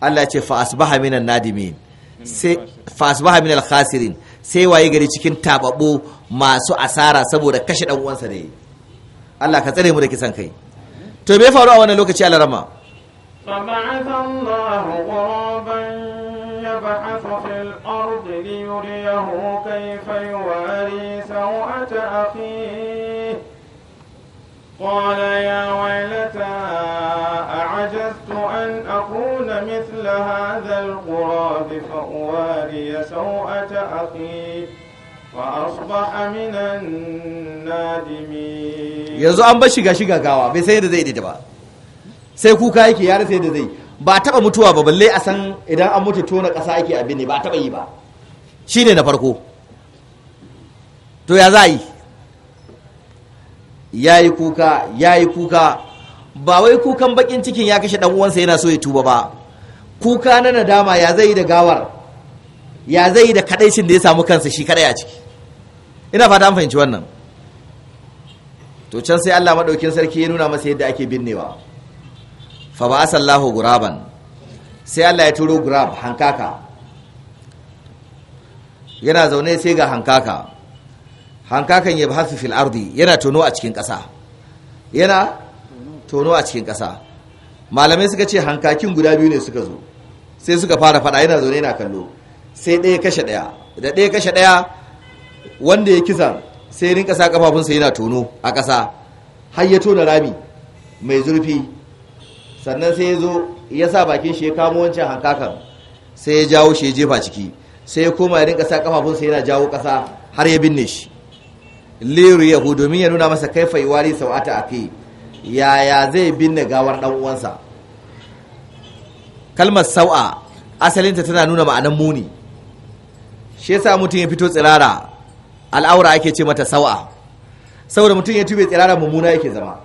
Allah ce fa asbaha minan nadimin sai fa asbaha minal khasirin sai waye gari cikin tababo masu asara saboda kashe dan uwansa da yi Allah ka tsare mu da kisan kai to me faru a wannan lokaci Allah rama
fa ba'atha Allahu ghuraban yab'athu fil ardi liyuriyahu kayfa yuwari sawata akhihi qala ya عجزت أن أقول مثل هذا القراب فأواري سوءة أخي فأصبح من النادمين يزو
an bar shiga shiga بسيد زي دي yadda سيكو كايكي ba سيد زي ba a taba mutuwa ba balle a san idan an mutu tona ƙasa ake abin ne ba a taba yi ba shi ne na farko to ya za yi ya yi kuka ya yi kuka ba wai kukan bakin cikin ya kashe dan uwansa yana so ya tuba ba kuka na nadama ya zai da gawar ya zai da kadaicin da ya samu kansa shi kadai a ciki ina fata an fahimci wannan to can sai Allah madaukin sarki ya nuna masa yadda ake binnewa fa ba asallahu guraban sai Allah ya turo gurab hankaka yana zaune sai ga hankaka hankakan ya bahasu fil ardi yana tono a cikin ƙasa yana tono a cikin ƙasa malamai suka ce hankakin guda biyu ne suka zo sai suka fara faɗa yana zaune yana kallo sai ɗaya kashe ɗaya da ɗaya kashe ɗaya wanda ya kisan sai rinka sa kafafunsa yana tono a ƙasa har ya tona rami mai zurfi sannan sai ya zo ya sa bakin shi ya kamo wancan hankakan sai ya jawo shi ya jefa ciki sai ya koma ya rinka sa kafafunsa yana jawo ƙasa har ya binne shi liru yahu domin ya nuna masa kai iwari sau'ata a kai yaya zai binne gawar dan uwansa kalmar sau'a asalinta tana nuna ma'anan muni shi yasa mutum ya fito tsirara al'aura ake ce mata sau'a saboda mutum ya tube tsirara mummuna yake zama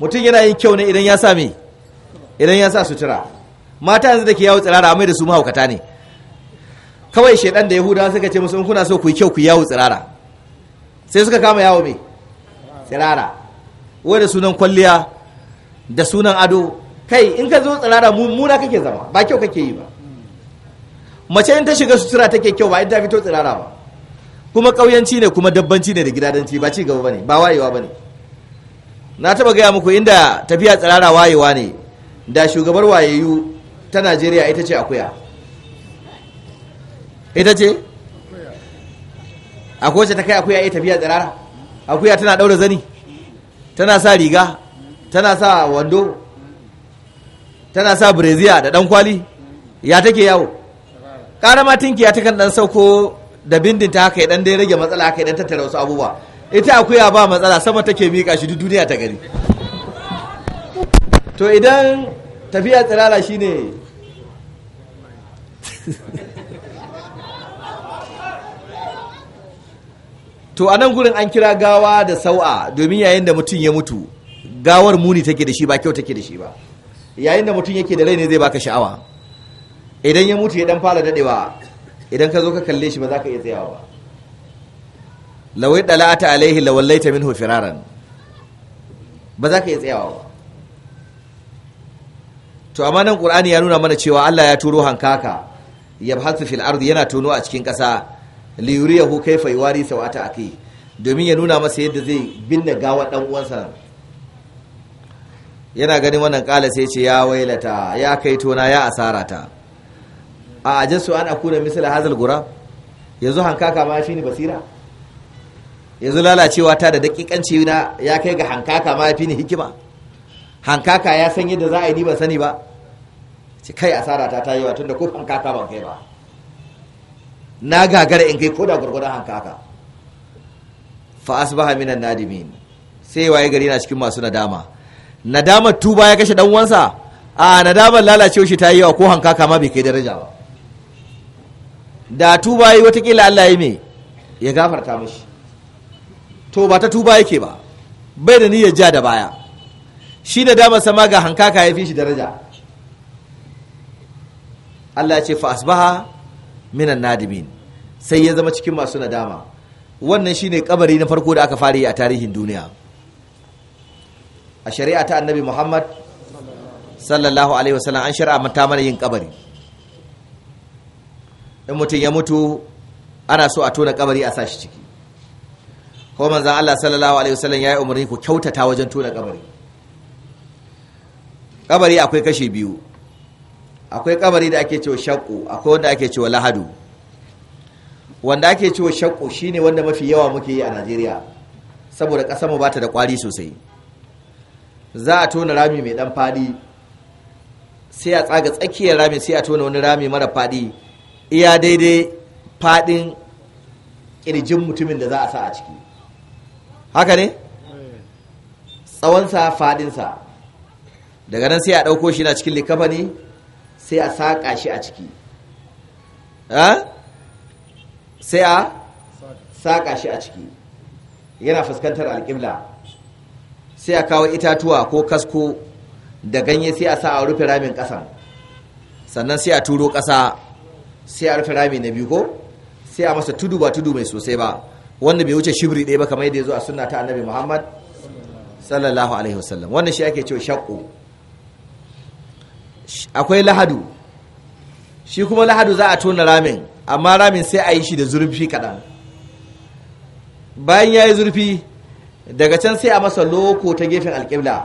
mutum yana yin kyau ne idan ya sa idan ya sa sutura mata yanzu da ke yawo tsirara mai da su mahaukata ne kawai shaidan da yahudawa suka ce musu in kuna so ku yi kyau ku yawo tsirara sai suka kama yawo me tsirara wai da sunan kwalliya da sunan ado kai in ka zo tsirara muna kake zama ba kyau kake yi ba mace in ta shiga sutura take kyau ba in ta fito tsirara ba kuma ƙauyanci ne kuma dabbanci ne da gidadanci ba ci gaba bane ba wayewa bane na taba gaya muku inda tafiya tsirara wayewa ne da shugabar wayeyu ta Najeriya ita ce akuya ita ce akuya ta kai akuya ita tafiya tsirara akuya tana daura zani tana sa riga tana sa wando tana sa breziya da dan kwali ya take yawo karama tinkiya ta kan dan sauko da bindinta haka ya ɗan dai rage matsala haka ya ɗan tattara wasu abubuwa ita akuya ba matsala sama take miƙa shi duk duniya ta gari to idan tafiya tsirara shine to a nan gurin an kira gawa da sau'a domin yayin da mutum ya mutu gawar muni take da shi ba kyau take da shi ba yayin da mutum yake da rai ne zai baka sha'awa idan ya mutu ya dan fara dadewa idan ka zo ka kalle shi ba za ka iya tsayawa ba lawai dala'ata alaihi min minhu firaran ba za ka iya tsayawa ba to amma nan qur'ani ya nuna mana cewa Allah ya turo hankaka yabhasu fil ardi yana tono a cikin ƙasa liyuriyahu kaifa yuwari sawata kai. domin ya nuna masa yadda zai binne gawa dan uwansa yana ganin wannan kala sai ce ya wailata ya kai tona ya asarata a su an akuna misal hazal gura yanzu hankaka ma shine basira yanzu lalacewa ta da dakikanci na ya kai ga hankaka ma fi ni hikima hankaka ya san yadda za a yi ni ban sani ba ce kai asara ta yi wa tunda ko hankaka ban kai ba na gagara in kai koda gurgurdan haka haka fa asbaha minan nadimin sai waye gari na cikin masu nadama nadamar tuba ya kashe dan uwansa a nadamar lalace shi ta yi wa ko hankaka ma bai kai daraja ba da tuba yi watakila Allah ya me ya gafarta mishi to ba ta tuba yake ba bai da niyyar ja da baya shi nadama sama ga hankaka ya fi shi daraja Allah ya ce fa asbaha minan nadimin sai ya zama cikin masu nadama wannan shine kabari na farko da aka fara yi a tarihin duniya a shari'a ta annabi muhammad sallallahu alaihi wasallam an shari'a mata mana yin kabari in mutum ya mutu ana so a tona kabari a sashi ciki ko manzan allah sallallahu alaihi wasallam ya yi umarni ku kyautata wajen tona kabari kabari akwai kashe biyu akwai kabari da ake cewa shakku akwai wanda ake cewa lahadu wanda ake cewa shakku shine wanda mafi yawa muke yi a Najeriya saboda kasar mu bata da kwari sosai za a tona rami mai dan fadi sai a tsaga tsakiyar rami sai a tona wani rami mara fadi iya daidai fadin kirjin mutumin da za a sa a ciki haka ne tsawonsa fadinsa daga nan sai a ɗauko shi na cikin likafani sai a saƙa shi a ciki sai a saƙa shi a ciki yana fuskantar alƙibla sai a kawo itatuwa ko kasko da ganye sai a sa a rufe ramin ƙasan sannan sai a turo ƙasa sai a rufe rami na biyu ko sai a masa tudu ba tudu mai sosai ba wanda bai wuce shibri ɗaya ba kamar yadda ya zo a sunna ta annabi muhammad sallallahu alaihi wasallam wannan shi ake cewa shakku akwai lahadu shi kuma lahadu za a tona ramin amma ramin sai a yi shi da zurfi kaɗan bayan ya yi zurfi daga can sai a masa loko ta gefen alƙibla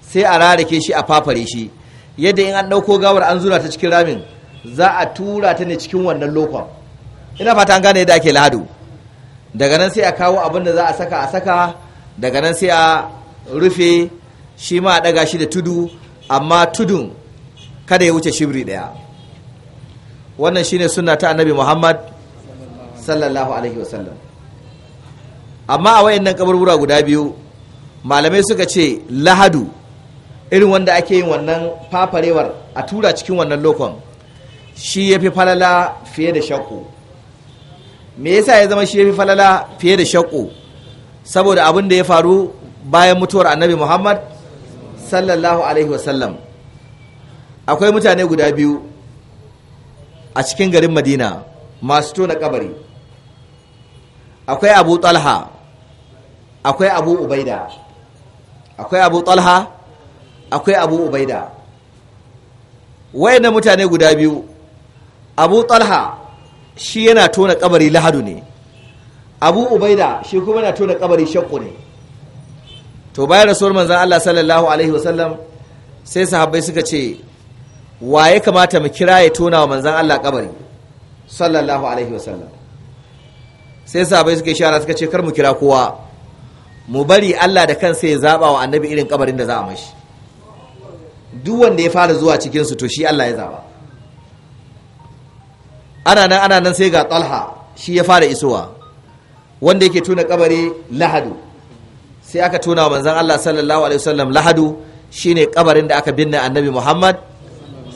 sai a rarake shi a fafare shi yadda in an ɗauko gawar an zura ta cikin ramin za a tura ta ne cikin wannan lokon ina fata an gane yadda ake lahadu daga nan sai a kawo abin da za a saka a saka daga nan sai a rufe shi ma a ɗaga shi da tudu amma tudun kada ya wuce shibri ɗaya. wannan shine sunna ta annabi muhammad sallallahu alaihi wasallam amma a wayannan kaburbura guda biyu malamai suka ce lahadu irin wanda ake yin wannan fafarewar a tura cikin wannan lokon shi ya fi falala fiye da shakku me yasa ya zama shi ya fi falala fiye da shakku saboda abin da ya faru bayan mutuwar annabi muhammad sallallahu alaihi wasallam akwai mutane guda biyu a cikin garin madina masu tona kabari akwai abu talha akwai abu ubaida akwai abu talha akwai abu ubaida wayannan mutane guda biyu abu talha shi yana tona kabari lahadu ne abu ubaida shi kuma yana tona kabari shakku ne to bayan rasuwar manzan allah sallallahu alaihi wasallam sai sahabbai suka ce wa ya kamata mu kira ya tona wa manzan Allah kabari sallallahu alaihi wasallam sai sabai suka shara suka ce kar mu kira kowa mu bari Allah da kansa ya zaba wa annabi irin kabarin da za a mashi duk wanda ya fara zuwa cikin su to shi Allah ya zaba ana nan ana nan sai ga Talha shi ya fara isowa wanda yake tona kabari Lahadu sai aka tona wa manzan Allah sallallahu alaihi wasallam Lahadu shine kabarin da aka binne annabi Muhammad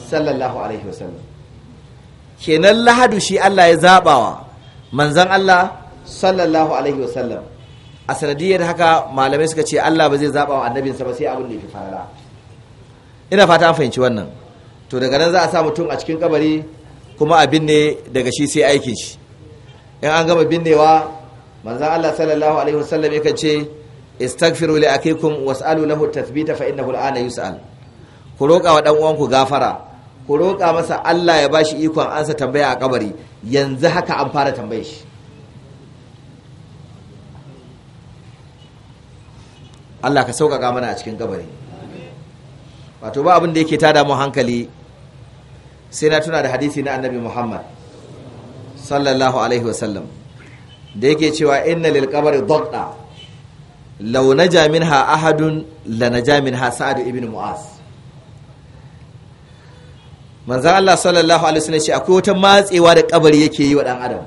sallallahu alaihi wasallam kenan lahadu shi Allah ya zabawa manzon Allah sallallahu alaihi wasallam a sanadiyar haka malamai suka ce Allah ba zai zabawa wa annabinsa ba sai abin da ya fi fara ina fata an fahimci wannan to daga nan za a sa mutum a cikin kabari kuma a binne daga shi sai aikin shi in an gama binnewa manzon Allah sallallahu alaihi wasallam yakan ce istaghfiru li akikum was'alu lahu tathbita fa innahu al'ana yus'al ku roƙa wa dan uwanku gafara ku roƙa masa Allah ya bashi ikon ansa tambaya a kabari yanzu haka an fara tambaye shi Allah ka sauƙaƙa mana a cikin kabari wato ba abin da yake tada mu hankali sai na tuna da hadisi na annabi Muhammad sallallahu alaihi wasallam da yake cewa inna lil qabri daqqa law naja minha ahadun lanaja minha sa'ad ibn mu'az manzan Allah sallallahu alaihi wasallam ce akwai wata matsewa da kabari yake yi wa dan adam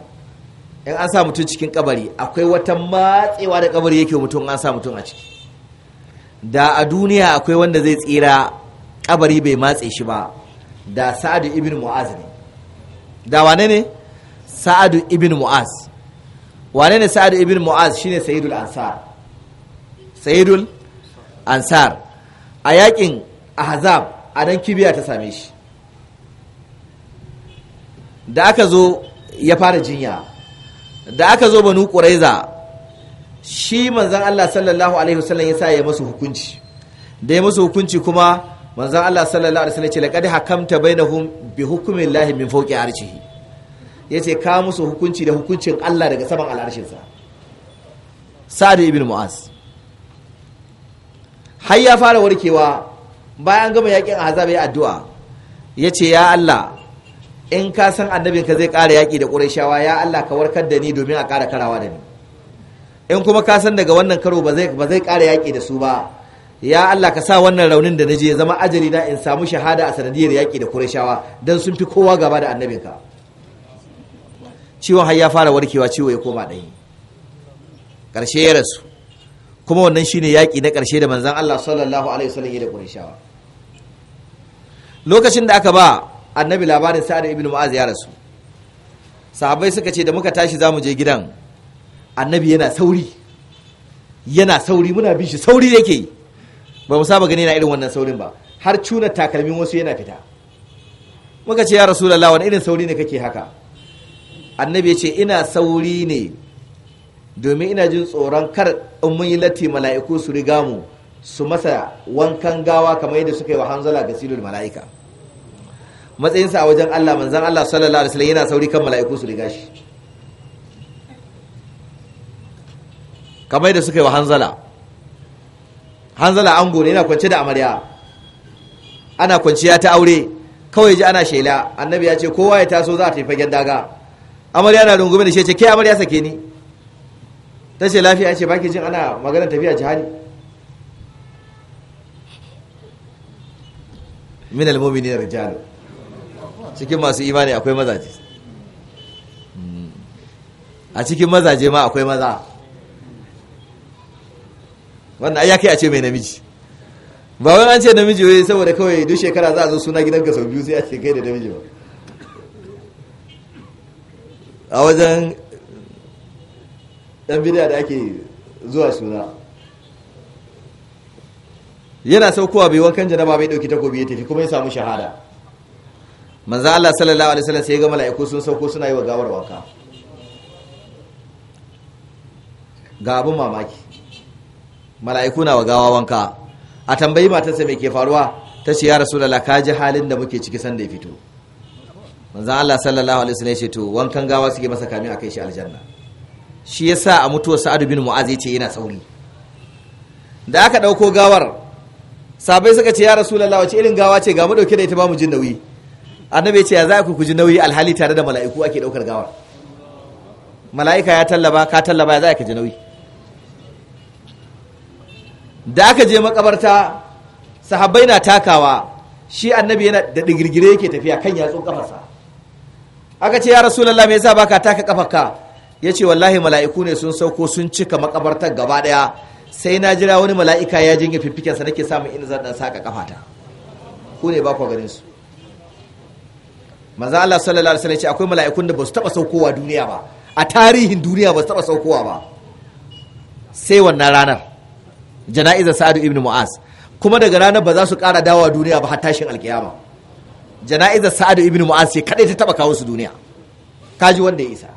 in an sa mutum cikin kabari akwai wata matsewa da kabari yake mutum an sa mutum a ciki da a duniya akwai wanda zai tsira kabari bai matse shi ba da sa'adu ibn mu'az ne da wane ne sa'adu ibn mu'az wane ne sa'adu ibn mu'az shine sayyidul ansar sayyidul ansar a yakin ahzab a dan kibiya ta same shi da aka zo ya fara jinya da aka zo banu ƙuraiza shi manzan Allah sallallahu alaihi wasallam ya sa ya masu hukunci da ya masu hukunci kuma manzan Allah sallallahu alaihi wasallam ya ce laqad hakamta hun bi hukmin lahi min fawqi Ya ce ka musu hukunci da hukuncin Allah daga saman al'arshinsa Sa'ad ibn Mu'az har ya fara warkewa bayan gama yakin azab ya addu'a Ya ce ya Allah in ka san annabin ka zai ƙara yaƙi da ƙurashawa ya Allah ka warkar da ni domin a ƙara karawa da ni in kuma ka san daga wannan karo ba zai ƙara yaƙi da su ba ya Allah ka sa wannan raunin da na je zama ajali na in samu shahada a sanadiyar yaƙi da ƙurashawa don sun fi kowa gaba da annabin ka. ciwon har ya fara warkewa ciwo ya koma ɗanyi ƙarshe ya rasu kuma wannan shine yaƙi na ƙarshe da manzan Allah sallallahu alaihi wasallam ya da ƙurashawa lokacin da aka ba annabi labarin sa'ad ibn mu'az ya rasu sahabbai suka ce da muka tashi zamu je gidan annabi yana sauri yana sauri muna bin shi sauri yake yi ba mu saba gani na irin wannan saurin ba har cuna takalmin wasu yana fita muka ce ya rasulullah wani irin sauri ne kake haka annabi ya ce ina sauri ne domin ina jin tsoron kar in mun yi latti mala'iku su riga mu su masa wankan gawa kamar yadda suka yi wa hanzala ga silul mala'ika matsayinsa a wajen Allah manzan Allah sallallahu alaihi wasallam yana sauri kan mala'iku su riga shi kamar da suka yi wa hanzala hanzala an gore yana kwance da amarya ana kwanciya ta aure kawai ji ana shela annabi ya ce kowa ya taso za a tafi fagen daga amarya na rungume da shi ce ke amarya sake ni ta ce lafiya ce baki jin ana maganar tafiya jihadi min al-mu'minin rijalu cikin masu imani akwai mazaje hmm. a cikin mazaje ma akwai maza wannan ai ya kai a ce mai namiji ba wani an ce namiji wai saboda kawai duk shekara za a zo suna gidan sau biyu sai a ce kai da namiji ba a wajen ɗan bidiya da ake zuwa suna yana saukowa bai wankan janaba bai dauki takobi ya tafi kuma ya samu shahada manzo Allah sallallahu alaihi wasallam sai ga mala'iku sun sauko suna yi wa gawar wanka ga abin mamaki mala'iku na wa gawa wanka a tambayi matarsa mai ke faruwa ta ce ya rasulullah ka ji halin da muke ciki sanda ya fito manzo Allah sallallahu alaihi wasallam ya ce to wankan gawa suke masa kamin akai shi aljanna shi yasa a mutuwar Sa'ad bin Mu'az yace yana tsauri da aka dauko gawar sabai suka ce ya rasulullah wace irin gawa ce ga mu dauke da ita ba mu jin nauyi annabi ce ya za ku kuji nauyi alhali tare da mala'iku ake daukar gawar mala'ika ya tallaba ka tallaba ya za ka ji nauyi da aka je makabarta sahabbai na takawa shi annabi yana da digirgire yake tafiya kan yatsun kafarsa aka ce ya rasulullahi me yasa baka taka kafarka yace wallahi mala'iku ne sun sauko sun cika makabartar gaba daya sai na jira wani mala'ika ya jinga fiffikensa nake samun inda zan dan saka kafata ku ne ba ku ganin su manzo Allah sallallahu alaihi wasallam ya ce akwai mala'ikun da ba su taba saukowa duniya ba a tarihin duniya ba su taba saukowa ba sai wannan ranar jana'izar Sa'adu ibn Mu'az kuma daga ranar ba za su ƙara dawowa duniya ba har tashin alkiyama jana'izar Sa'adu ibn Mu'az ce kadai ta taba kawo su duniya kaji wanda ya isa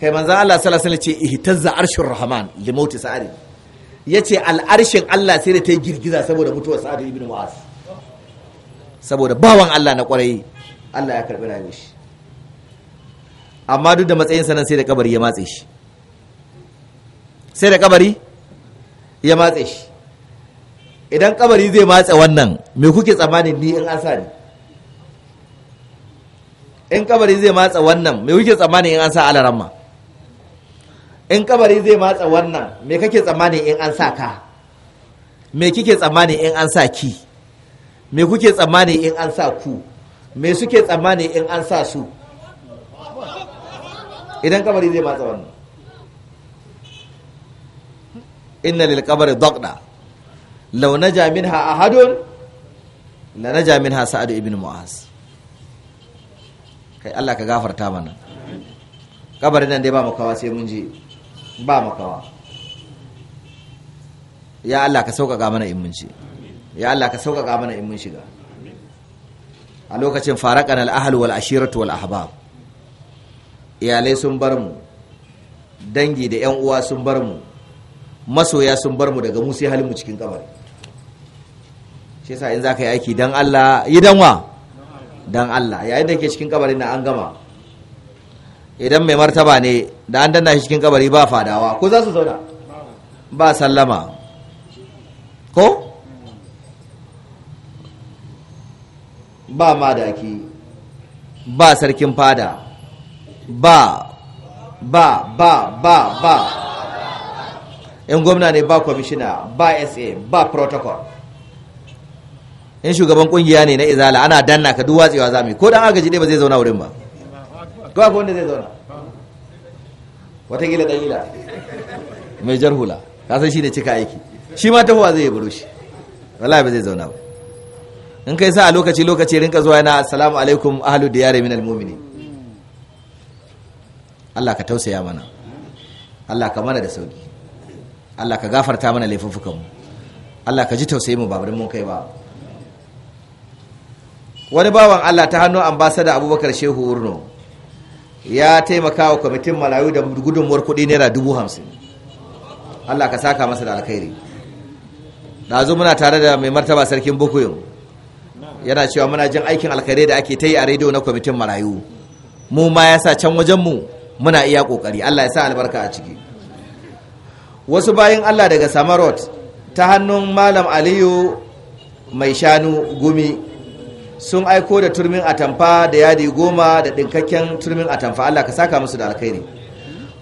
kai manzo Allah sallallahu alaihi wasallam ce ihtazza arshur rahman limauti sa'ad yace al'arshin Allah sai da ta girgiza saboda mutuwar Sa'ad ibn Mu'az saboda bawan Allah na kwarai Allah ya karbi rayuwar shi amma duk da matsayin sanan sai da kabari ya matse shi sai da kabari ya matse shi idan kabari zai matse wannan me kuke tsammanin ni in an sa ni in kabari zai matse wannan me kuke tsammanin in an sa alaramma in kabari zai matse wannan me kake tsammanin in an sa ka me kike tsammanin in an sa ki me kuke tsammani in an sa ku me suke tsammani in an sa su idan kamar zai matsa wannan inna lil qabri daqda law naja minha ahadun la naja minha sa'ad ibn mu'az kai Allah ka gafarta mana kabarin nan dai ba makawa sai mun ji ba makawa ya Allah ka sauƙaƙa mana in mun ji ya Allah ka sauƙaƙa mana in mun shiga a lokacin faraƙan al'ahal wal ashiratu wal ahbab iyalai sun bar mu dangi da yan uwa sun bar mu masoya sun bar mu daga mu sai halin mu cikin kabari shi yasa in zaka yi aiki dan Allah yi dan wa dan Allah yayin da kake cikin kabarin na an gama idan mai martaba ne da an danna shi cikin kabari ba fadawa ko za su zauna ba sallama ko ba madaki ba sarkin fada ba ba ba ba ba in gwamna ne ba kwamishina ba sa ba protocol in shugaban kungiya ne na izala ana danna ka duwatsewa zami ko dan agaji ne ba zai zauna wurin ba ko akwai wanda zai zauna watakila dan ila mai jarhula ka san shi ne cika aiki shi ma tahowa zai yi shi wallahi ba zai zauna ba in kai sa a lokaci lokaci rinka zuwa yana assalamu alaikum da yare min almomini Allah ka tausaya mana Allah ka mana da sauki Allah ka gafarta mana laifuffukan mu Allah ka ji tausayi mu babarin mun kai ba wani bawan Allah ta hannu ambasada Abubakar Shehu Urno ya taimaka wa kwamitin malawi da gudunmuwar kuɗi naira dubu hamsin Allah ka saka masa da alkhairi ɗazu muna tare da mai martaba sarkin bukuyin yana cewa muna jin aikin alkhairai da ake ta yi a rediyo na kwamitin marayu mu ma ya sa can wajenmu muna iya kokari allah ya sa albarka a ciki wasu bayan allah daga samarot ta hannun malam aliyu mai shanu gumi sun aiko da turmin atamfa da yadi goma da ɗinkakken turmin atamfa allah ka saka musu da alkhairi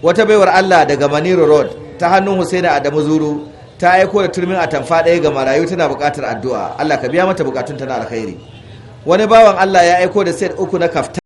wata baiwar allah daga maniru road ta hannun husaini adamu zuru ta aiko da turmin atamfa ɗaya ga marayu tana buƙatar addu'a Allah ka biya mata buƙatun tana alkhairi wani bawan Allah ya aiko da set uku na kafta.